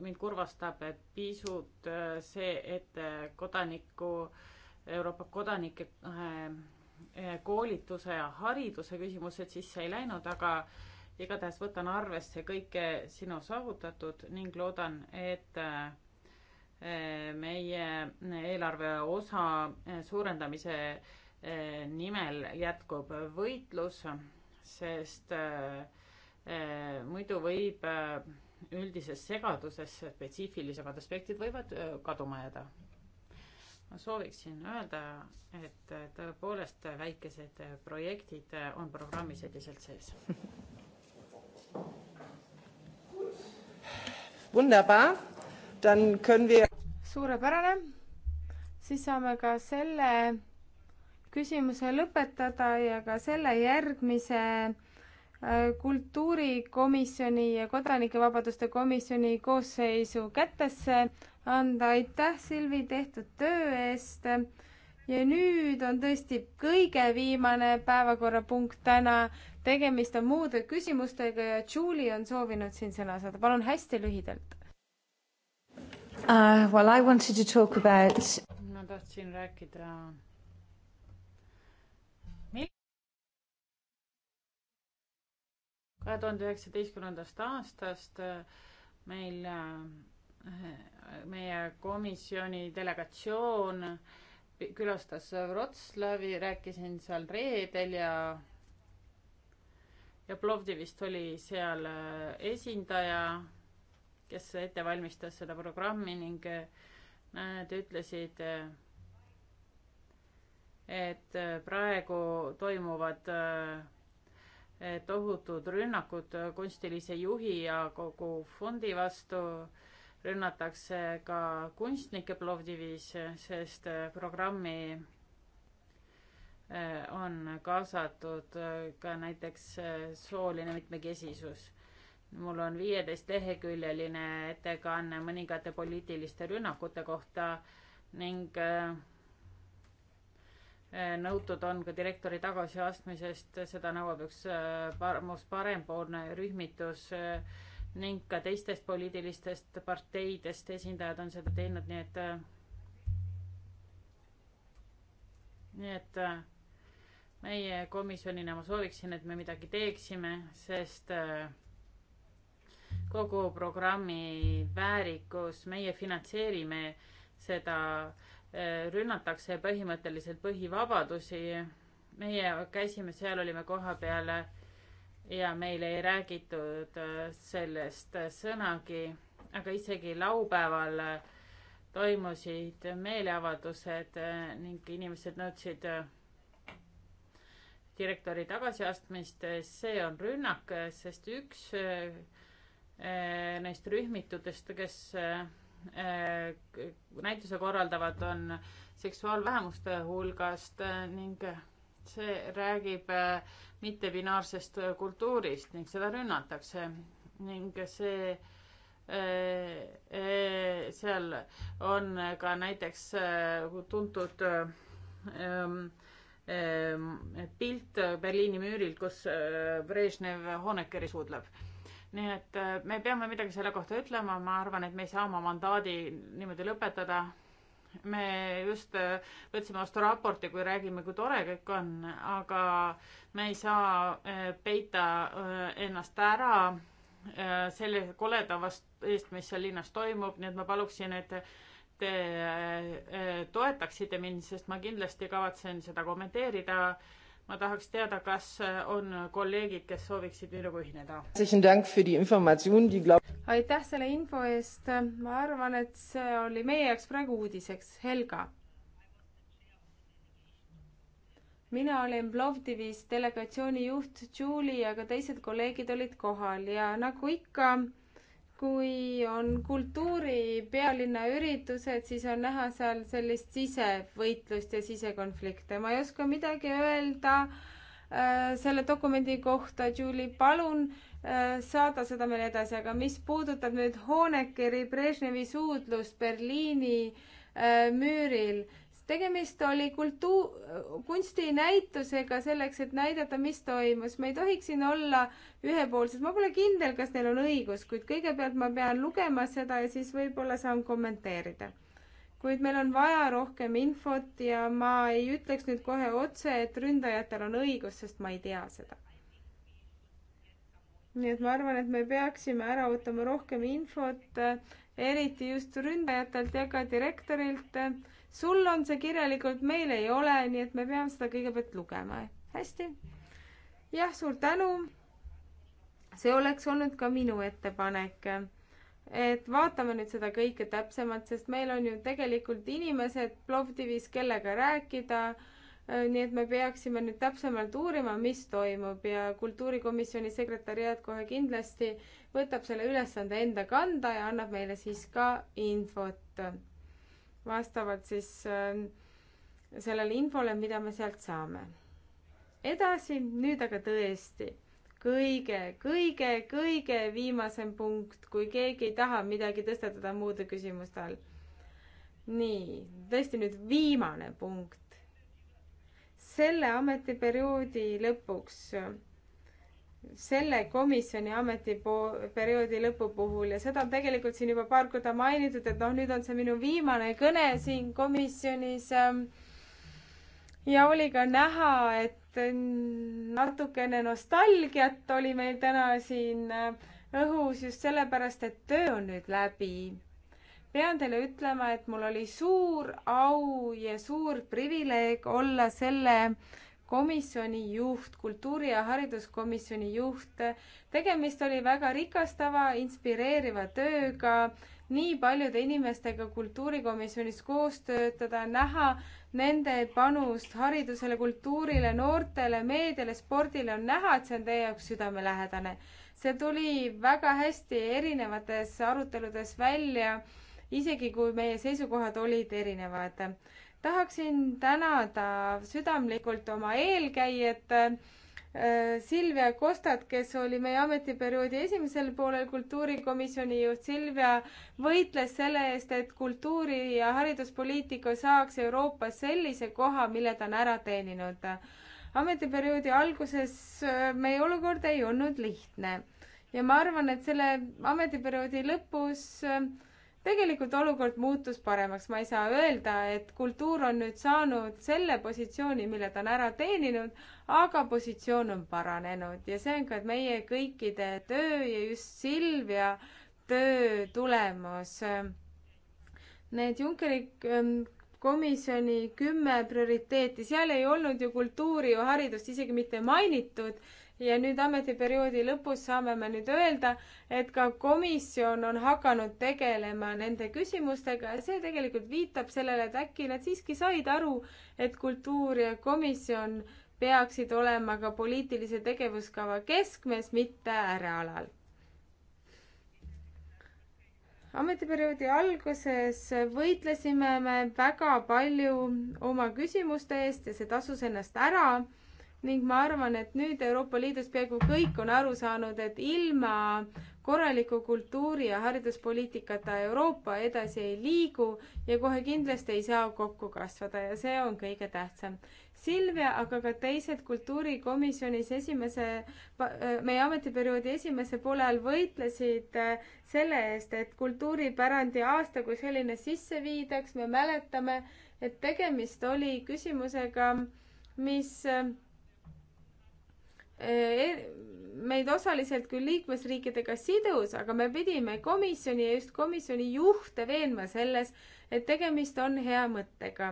mind kurvastab pisut äh, see, et äh, kodaniku, Euroopa kodanike äh, koolituse ja hariduse küsimused sisse ei läinud, aga igatahes võtan arvesse kõike sinu saavutatud ning loodan, et meie eelarve osa suurendamise nimel jätkub võitlus, sest äh, Äh, muidu võib äh, üldises segaduses spetsiifilisemad aspektid võivad äh, kaduma jääda. ma sooviksin öelda, et tõepoolest väikesed projektid on programmis endiselt sees. Wunderbar, dann können wir. suurepärane, siis saame ka selle küsimuse lõpetada ja ka selle järgmise Äh, kultuurikomisjoni ja kodanikevabaduste komisjoni koosseisu kätesse anda. aitäh, Silvi, tehtud töö eest. ja nüüd on tõesti kõige viimane päevakorrapunkt täna. tegemist on muude küsimustega ja Julie on soovinud siin sõna saada. palun hästi lühidalt uh,. Well, I wanted to talk about. ma tahtsin rääkida kahe tuhande üheksateistkümnendast aastast äh, meil, äh, meie komisjoni delegatsioon külastas Wroclawi, rääkisin seal reedel ja ja Plovdivist oli seal äh, esindaja, kes ette valmistas seda programmi ning nad ütlesid, et praegu toimuvad äh, tohutud rünnakud kunstilise juhi ja kogu fondi vastu. rünnatakse ka kunstnikke Plovdivis, sest programmi äh, on kaasatud äh, ka näiteks äh, sooline mitmekesisus mul on viieteist leheküljeline ettekanne mõningate poliitiliste rünnakute kohta ning äh, Eh, nõutud on ka direktori tagasiastmisest, seda nõuab üks eh, parmus parempoolne rühmitus eh, ning ka teistest poliitilistest parteidest esindajad on seda teinud, nii et nii et meie komisjonina ma sooviksin, et me midagi teeksime, sest kogu programmi väärikus, meie finantseerime seda äh, Äh, rünnatakse põhimõtteliselt põhivabadusi. meie käisime seal, olime kohapeal ja meile ei räägitud äh, sellest sõnagi, aga isegi laupäeval äh, toimusid meeleavaldused ning inimesed nõudsid direktori tagasiastmist. see on rünnak, sest üks neist rühmitudest, kes Äh, näituse korraldavad, on seksuaalvähemuste hulgast äh, ning see räägib äh, mittepinaarsest kultuurist ning seda rünnatakse ning see seal on ka näiteks tuntud ähm, ähm, pilt Berliini müürilt, kus Brežnev Honeckeri suudleb nii et äh, me peame midagi selle kohta ütlema, ma arvan, et me ei saa oma mandaadi niimoodi lõpetada. me just äh, võtsime vastu raporti, kui räägime, kui tore kõik on, aga me ei saa äh, peita ennast ära selle koleda vast-, eest, mis seal linnas toimub, nii et ma paluksin, et te toetaksite mind, sest ma kindlasti kavatsen seda kommenteerida ma tahaks teada, kas äh, on kolleegid, kes sooviksid minuga ühineda. aitäh selle info eest, ma arvan, et see oli meie jaoks praegu uudiseks, Helga. mina olin Plovdivis delegatsiooni juht Julie, aga teised kolleegid olid kohal ja nagu ikka, kui on kultuuripealinna üritused, siis on näha seal sellist sisevõitlust ja sisekonflikte. ma ei oska midagi öelda äh, selle dokumendi kohta, Julie, palun äh, saada seda meile edasi, aga mis puudutab nüüd Honeckeri Brežnevi suudlust Berliini äh, müüril, tegemist oli kultuur, kunstinäitusega selleks, et näidata, mis toimus. me ei tohiks siin olla ühepoolsed. ma pole kindel, kas neil on õigus, kuid kõigepealt ma pean lugema seda ja siis võib-olla saan kommenteerida. kuid meil on vaja rohkem infot ja ma ei ütleks nüüd kohe otse, et ründajatel on õigus, sest ma ei tea seda. nii et ma arvan, et me peaksime ära ootama rohkem infot, eriti just ründajatelt ja ka direktorilt sul on see kirjalikult, meil ei ole, nii et me peame seda kõigepealt lugema. hästi? jah, suur tänu. see oleks olnud ka minu ettepanek. et vaatame nüüd seda kõike täpsemalt, sest meil on ju tegelikult inimesed Plovdivis, kellega rääkida nii et me peaksime nüüd täpsemalt uurima, mis toimub ja kultuurikomisjoni sekretäriaat kohe kindlasti võtab selle ülesande enda kanda ja annab meile siis ka infot vastavalt siis äh, sellele infole, mida me sealt saame. edasi, nüüd aga tõesti kõige, kõige, kõige viimasem punkt, kui keegi ei taha midagi tõstatada muude küsimuste all. nii, tõesti nüüd viimane punkt. selle ametiperioodi lõpuks selle komisjoni ametiperioodi lõpu puhul ja seda on tegelikult siin juba paar korda mainitud, et noh, nüüd on see minu viimane kõne siin komisjonis. Ähm, ja oli ka näha, et natukene nostalgiat oli meil täna siin äh, õhus just sellepärast, et töö on nüüd läbi. pean teile ütlema, et mul oli suur au ja suur privileeg olla selle äh, komisjoni juht, kultuuri- ja hariduskomisjoni juht. tegemist oli väga rikastava, inspireeriva tööga, nii paljude inimestega kultuurikomisjonis koos töötada, näha nende panust haridusele, kultuurile, noortele, meediale, spordile, on näha, et see on teie jaoks südamelähedane. see tuli väga hästi erinevates aruteludes välja, isegi kui meie seisukohad olid erinevad tahaksin tänada südamlikult oma eelkäijat äh, Silvia Kostat, kes oli meie ametiperioodi esimesel poolel kultuurikomisjoni juht. Silvia võitles selle eest, et kultuuri- ja hariduspoliitika saaks Euroopas sellise koha, mille ta on ära teeninud. ametiperioodi alguses äh, meie olukord ei olnud lihtne ja ma arvan, et selle ametiperioodi lõpus äh, tegelikult olukord muutus paremaks, ma ei saa öelda, et kultuur on nüüd saanud selle positsiooni, mille ta on ära teeninud, aga positsioon on paranenud ja see on ka meie kõikide töö ja just Silvia töö tulemus. Need Junckeri ähm, komisjoni kümme prioriteeti, seal ei olnud ju kultuuri ja haridust isegi mitte mainitud ja nüüd ametiperioodi lõpus saame me nüüd öelda, et ka komisjon on hakanud tegelema nende küsimustega ja see tegelikult viitab sellele, et äkki nad siiski said aru, et kultuur ja komisjon peaksid olema ka poliitilise tegevuskava keskmes, mitte äärealal. ametiperioodi alguses võitlesime me väga palju oma küsimuste eest ja see tasus ennast ära ning ma arvan, et nüüd Euroopa Liidus peaaegu kõik on aru saanud, et ilma korraliku kultuuri- ja hariduspoliitikata Euroopa edasi ei liigu ja kohe kindlasti ei saa kokku kasvada ja see on kõige tähtsam. Silvia, aga ka teised kultuurikomisjonis esimese, äh, meie ametiperioodi esimese poole ajal võitlesid äh, selle eest, et kultuuripärandi aasta kui selline sisse viidaks, me mäletame, et tegemist oli küsimusega, mis äh, E, meid osaliselt küll liikmesriikidega sidus, aga me pidime komisjoni ja just komisjoni juhte veenma selles, et tegemist on hea mõttega.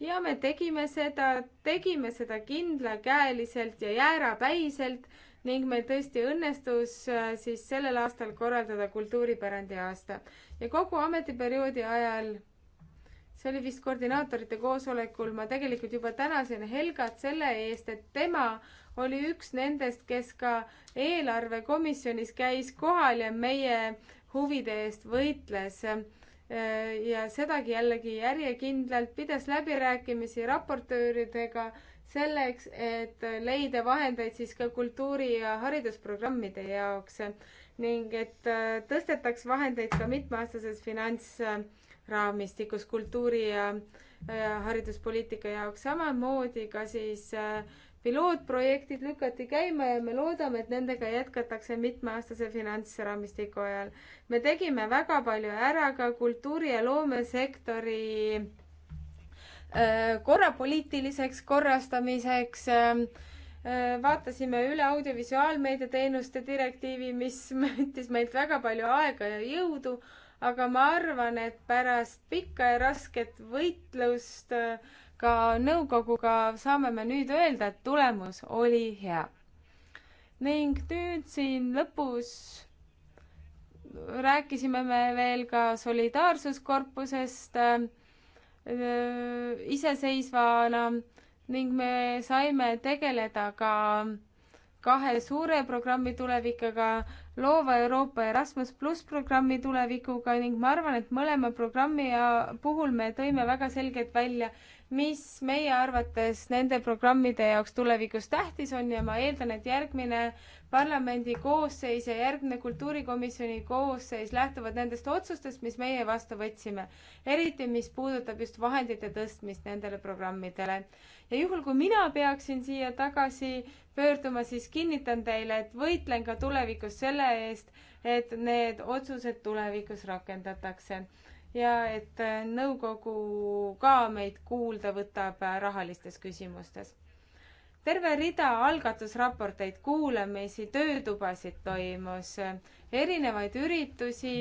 ja me tegime seda, tegime seda kindlakäeliselt ja jäärapäiselt ning meil tõesti õnnestus äh, siis sellel aastal korraldada kultuuripärandi aasta. ja kogu ametiperioodi ajal see oli vist koordinaatorite koosolekul, ma tegelikult juba tänasin Helgat selle eest, et tema oli üks nendest, kes ka eelarvekomisjonis käis kohal ja meie huvide eest võitles. ja sedagi jällegi järjekindlalt pidas läbirääkimisi raportööridega selleks, et leida vahendeid siis ka kultuuri- ja haridusprogrammide jaoks ning et tõstetaks vahendeid ka mitmeaastases finantsraamistikus kultuuri ja hariduspoliitika jaoks, samamoodi ka siis äh, pilootprojektid lükati käima ja me loodame, et nendega jätkatakse mitmeaastase finantsraamistiku ajal. me tegime väga palju ära ka kultuuri- ja loomesektori äh, korrapoliitiliseks korrastamiseks, äh, äh, vaatasime üle audiovisuaalmeedia teenuste direktiivi, mis võttis meilt väga palju aega ja jõudu, aga ma arvan, et pärast pikka ja rasket võitlust äh, ka nõukoguga saame me nüüd öelda, et tulemus oli hea. ning nüüd siin lõpus rääkisime me veel ka solidaarsuskorpusest äh, iseseisvana ning me saime tegeleda ka kahe suure programmi tulevikuga loova Euroopa Erasmus pluss programmi tulevikuga ning ma arvan, et mõlema programmi puhul me tõime väga selgelt välja, mis meie arvates nende programmide jaoks tulevikus tähtis on ja ma eeldan, et järgmine parlamendi koosseis ja järgne kultuurikomisjoni koosseis lähtuvad nendest otsustest, mis meie vastu võtsime. eriti, mis puudutab just vahendite tõstmist nendele programmidele. ja juhul, kui mina peaksin siia tagasi pöörduma, siis kinnitan teile, et võitlen ka tulevikus selle eest, et need otsused tulevikus rakendatakse ja et nõukogu ka meid kuulda võtab rahalistes küsimustes terve rida algatusraporteid, kuulamisi, töötubasid toimus, erinevaid üritusi,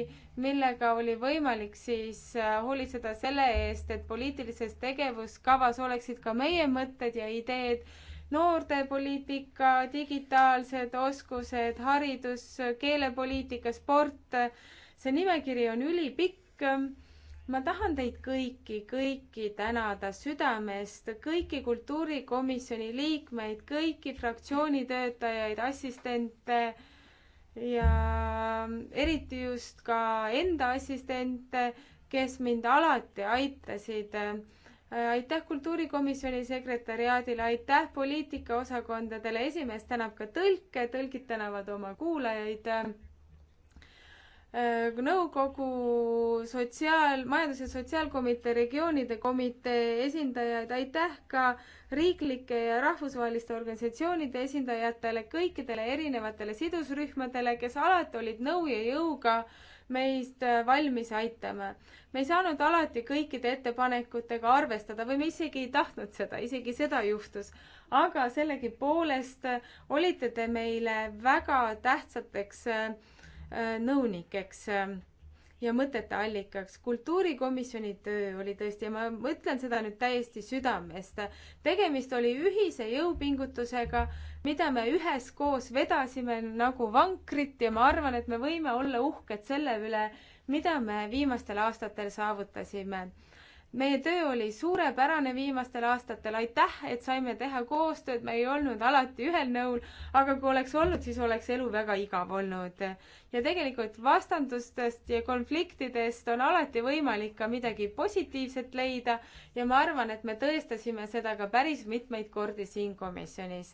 millega oli võimalik siis äh, hoolitseda selle eest, et poliitilises tegevuskavas oleksid ka meie mõtted ja ideed, noortepoliitika, digitaalsed oskused, haridus, keelepoliitika, sport. see nimekiri on ülipikk ma tahan teid kõiki, kõiki tänada südamest, kõiki kultuurikomisjoni liikmeid, kõiki fraktsiooni töötajaid, assistente ja eriti just ka enda assistente, kes mind alati aitasid aitäh kultuurikomisjoni sekretäriaadile, aitäh poliitikaosakondadele, esimees tänab ka tõlke, tõlgid tänavad oma kuulajaid Äh, nõukogu sotsiaal, majandus- ja sotsiaalkomitee, regioonide komitee esindajaid, aitäh ka riiklike ja rahvusvaheliste organisatsioonide esindajatele, kõikidele erinevatele sidusrühmadele, kes alati olid nõu ja jõuga meist äh, valmis aitama. me ei saanud alati kõikide ettepanekutega arvestada või me isegi ei tahtnud seda, isegi seda juhtus. aga sellegipoolest olite te meile väga tähtsateks äh, Äh, nõunikeks ähm, ja mõtete allikaks. kultuurikomisjoni töö oli tõesti ja ma mõtlen seda nüüd täiesti südamest. tegemist oli ühise jõupingutusega, mida me üheskoos vedasime nagu vankrit ja ma arvan, et me võime olla uhked selle üle, mida me viimastel aastatel saavutasime meie töö oli suurepärane viimastel aastatel, aitäh, et saime teha koostööd, me ei olnud alati ühel nõul, aga kui oleks olnud, siis oleks elu väga igav olnud. ja tegelikult vastandustest ja konfliktidest on alati võimalik ka midagi positiivset leida ja ma arvan, et me tõestasime seda ka päris mitmeid kordi siin komisjonis.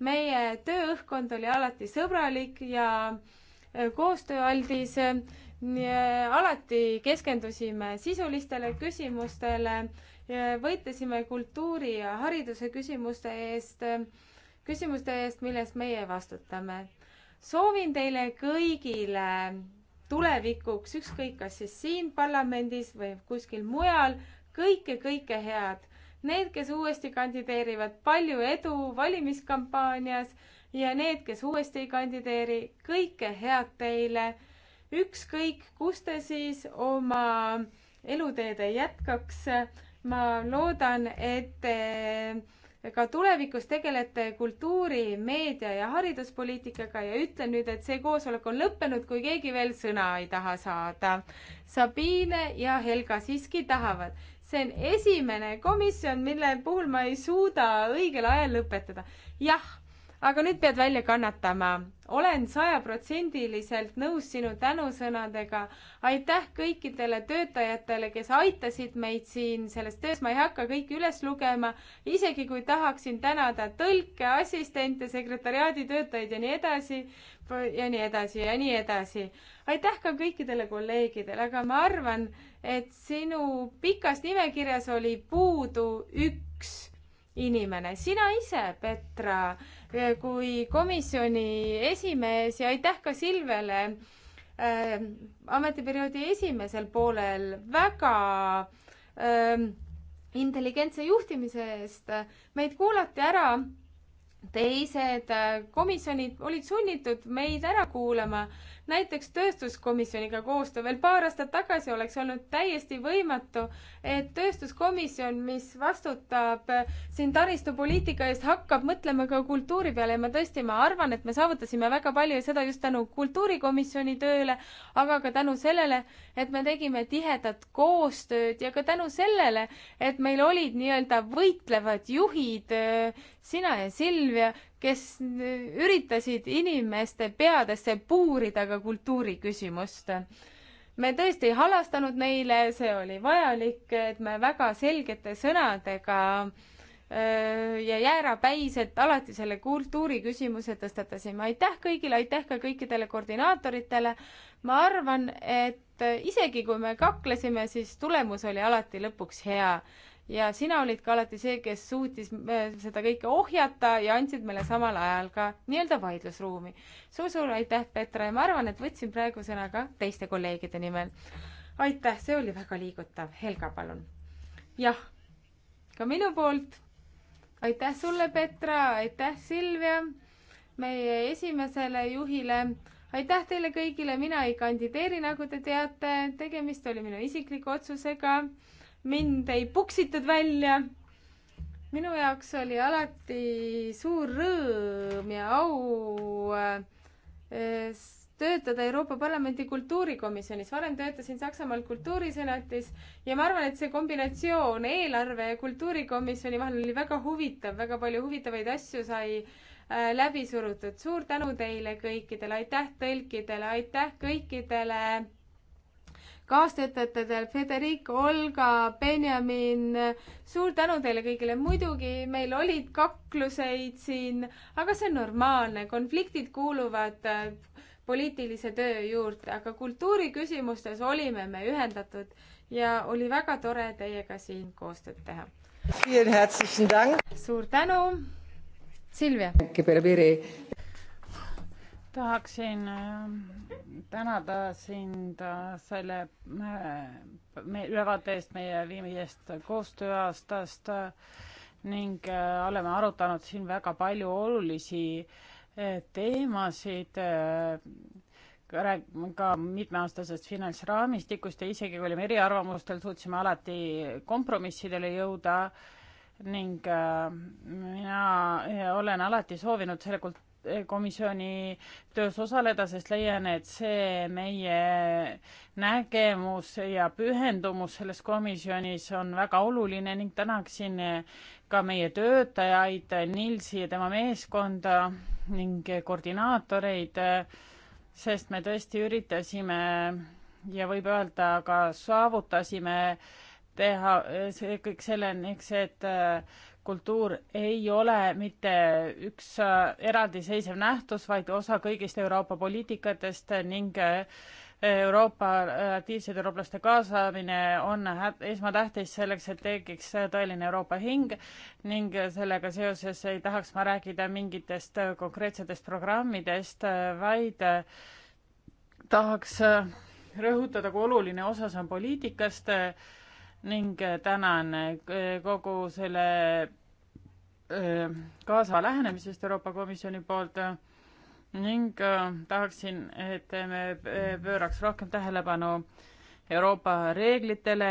meie tööõhkkond oli alati sõbralik ja koostööaldis nii äh, alati keskendusime sisulistele küsimustele, äh, võitlesime kultuuri ja hariduse küsimuste eest, äh, küsimuste eest, millest meie vastutame. soovin teile kõigile tulevikuks, ükskõik kas siis siin parlamendis või kuskil mujal, kõike, kõike head. Need, kes uuesti kandideerivad, palju edu valimiskampaanias ja need, kes uuesti ei kandideeri, kõike head teile ükskõik, kus te siis oma eluteed ei jätkaks, ma loodan, et te ka tulevikus tegelete kultuuri, meedia ja hariduspoliitikaga ja ütlen nüüd, et see koosolek on lõppenud, kui keegi veel sõna ei taha saada. Sabine ja Helga siiski tahavad see on esimene komisjon, mille puhul ma ei suuda õigel ajal lõpetada. jah aga nüüd pead välja kannatama. olen sajaprotsendiliselt nõus sinu tänusõnadega. aitäh kõikidele töötajatele, kes aitasid meid siin selles töös, ma ei hakka kõiki üles lugema, isegi kui tahaksin tänada tõlke, assistente, sekretäriaadi töötajaid ja nii edasi ja nii edasi ja nii edasi. aitäh ka kõikidele kolleegidele, aga ma arvan, et sinu pikas nimekirjas oli puudu üks inimene, sina ise, Petra, kui komisjoni esimees ja aitäh ka Silvele äh,, ametiperioodi esimesel poolel väga äh, intelligentse juhtimise eest, meid kuulati ära teised äh, komisjonid olid sunnitud meid ära kuulama näiteks tööstuskomisjoniga koostöö veel paar aastat tagasi oleks olnud täiesti võimatu, et tööstuskomisjon, mis vastutab äh, siin taristupoliitika eest, hakkab mõtlema ka kultuuri peale ja ma tõesti, ma arvan, et me saavutasime väga palju ja seda just tänu kultuurikomisjoni tööle, aga ka tänu sellele, et me tegime tihedat koostööd ja ka tänu sellele, et meil olid nii-öelda võitlevad juhid äh, sina ja Silvia, kes üritasid inimeste peadesse puurida ka kultuuriküsimust. me tõesti ei halastanud neile, see oli vajalik, et me väga selgete sõnadega ja jäärapäiselt alati selle kultuuriküsimuse tõstatasime. aitäh kõigile, aitäh ka kõikidele koordinaatoritele. ma arvan, et isegi kui me kaklesime, siis tulemus oli alati lõpuks hea ja sina olid ka alati see, kes suutis äh, seda kõike ohjata ja andsid meile samal ajal ka nii-öelda vaidlusruumi. suur-suur aitäh, Petra, ja ma arvan, et võtsin praegu sõna ka teiste kolleegide nimel. aitäh, see oli väga liigutav. Helga, palun. jah, ka minu poolt. aitäh sulle, Petra, aitäh, Silvia, meie esimesele juhile aitäh teile kõigile, mina ei kandideeri, nagu te teate, tegemist oli minu isikliku otsusega mind ei puksitud välja. minu jaoks oli alati suur rõõm ja au eh, töötada Euroopa Parlamendi kultuurikomisjonis, varem töötasin Saksamaal kultuurisenatis ja ma arvan, et see kombinatsioon eelarve ja kultuurikomisjoni vahel oli väga huvitav, väga palju huvitavaid asju sai äh, läbi surutud. suur tänu teile kõikidele, aitäh tõlkidele, aitäh kõikidele kaastöötajatel Federico, Olga, Benjamin, suur tänu teile kõigile, muidugi meil olid kakluseid siin, aga see on normaalne, konfliktid kuuluvad äh, poliitilise töö juurde, aga kultuuriküsimustes olime me ühendatud ja oli väga tore teiega siin koostööd teha. suur tänu, Silvia! tahaksin äh, tänada sind äh, selle äh, ülevaate eest meie viimisest koostööaastast ning oleme arutanud siin väga palju olulisi teemasid ka mitmeaastasest finantsraamistikust ja isegi kui olime eriarvamustel, suutsime alati kompromissidele jõuda ning mina olen alati soovinud selle kult-, komisjoni töös osaleda, sest leian, et see meie nägemus ja pühendumus selles komisjonis on väga oluline ning tänaksin ka meie töötajaid, Nilsi ja tema meeskonda ning koordinaatoreid, sest me tõesti üritasime ja võib öelda ka saavutasime teha see kõik selleks, et kultuur ei ole mitte üks äh, eraldiseisev nähtus, vaid osa kõigist Euroopa poliitikatest ning äh, Euroopa äh, aktiivsete eurooplaste kaasamine on esmatähtis selleks, et tekiks tõeline Euroopa hing ning sellega seoses ei tahaks ma rääkida mingitest konkreetsetest programmidest, vaid tahaks rõhutada, kui oluline osa see on poliitikast ning tänan kogu selle kaasa lähenemisest Euroopa Komisjoni poolt ning tahaksin, et me pööraks rohkem tähelepanu Euroopa reeglitele,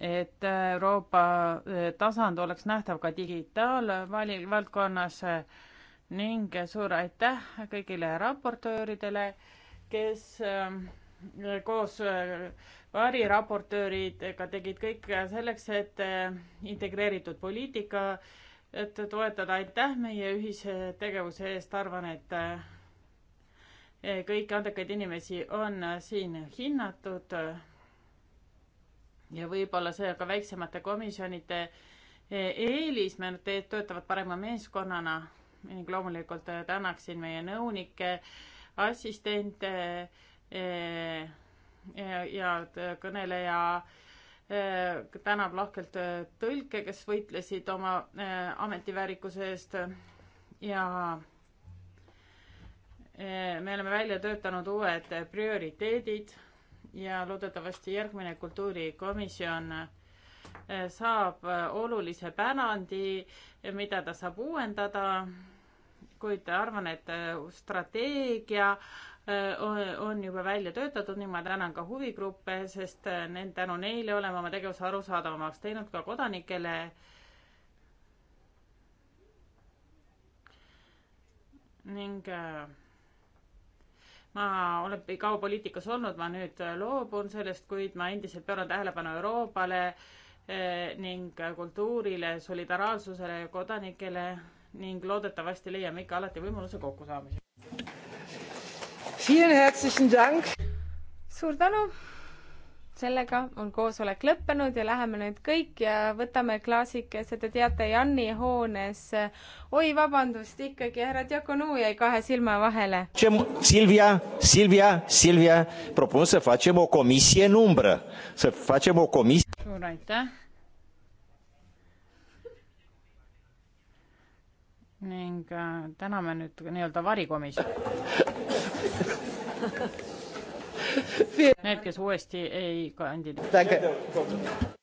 et Euroopa tasand oleks nähtav ka digitaalvali-, valdkonnas ning suur aitäh kõigile raportööridele, kes koos variraportööridega tegid kõik selleks, et integreeritud poliitika äh, et toetada, aitäh meie ühise tegevuse eest, arvan, et eh, kõiki andekaid inimesi on eh, siin hinnatud. ja võib-olla see on ka väiksemate komisjonide eh, eelis, me töötavad parema meeskonnana ning loomulikult tänaksin meie nõunikke, assistente ja kõneleja Äh, tänab lahkelt äh, tõlke, kes võitlesid oma äh, ametiväärikuse eest ja me oleme välja töötanud uued prioriteedid ja loodetavasti järgmine kultuurikomisjon saab olulise pärandi, mida ta saab uuendada, kuid arvan, et strateegia Äh, on juba välja töötatud ning ma tänan ka huvigruppe, sest äh, need, tänu neile oleme oma tegevuse arusaadavamaks teinud ka kodanikele. ning äh, ma olen kaua poliitikas olnud, ma nüüd loobun sellest, kuid ma endiselt pööran tähelepanu Euroopale ning kultuurile, solidaarsusele ja kodanikele ning loodetavasti leiame ikka alati võimaluse kokkusaamiseks suur tänu. sellega on koosolek lõppenud ja läheme nüüd kõik ja võtame klaasikese, te teate, Janni hoones. oi, vabandust, ikkagi härra Diakonu jäi kahe silma vahele. Silvia, Silvia, Silvia, propun să facem o comisie în umbră, să facem o comisie. suur aitäh ning äh, täname nüüd nii-öelda varikomisjoni. Need, kes uuesti ei kandida.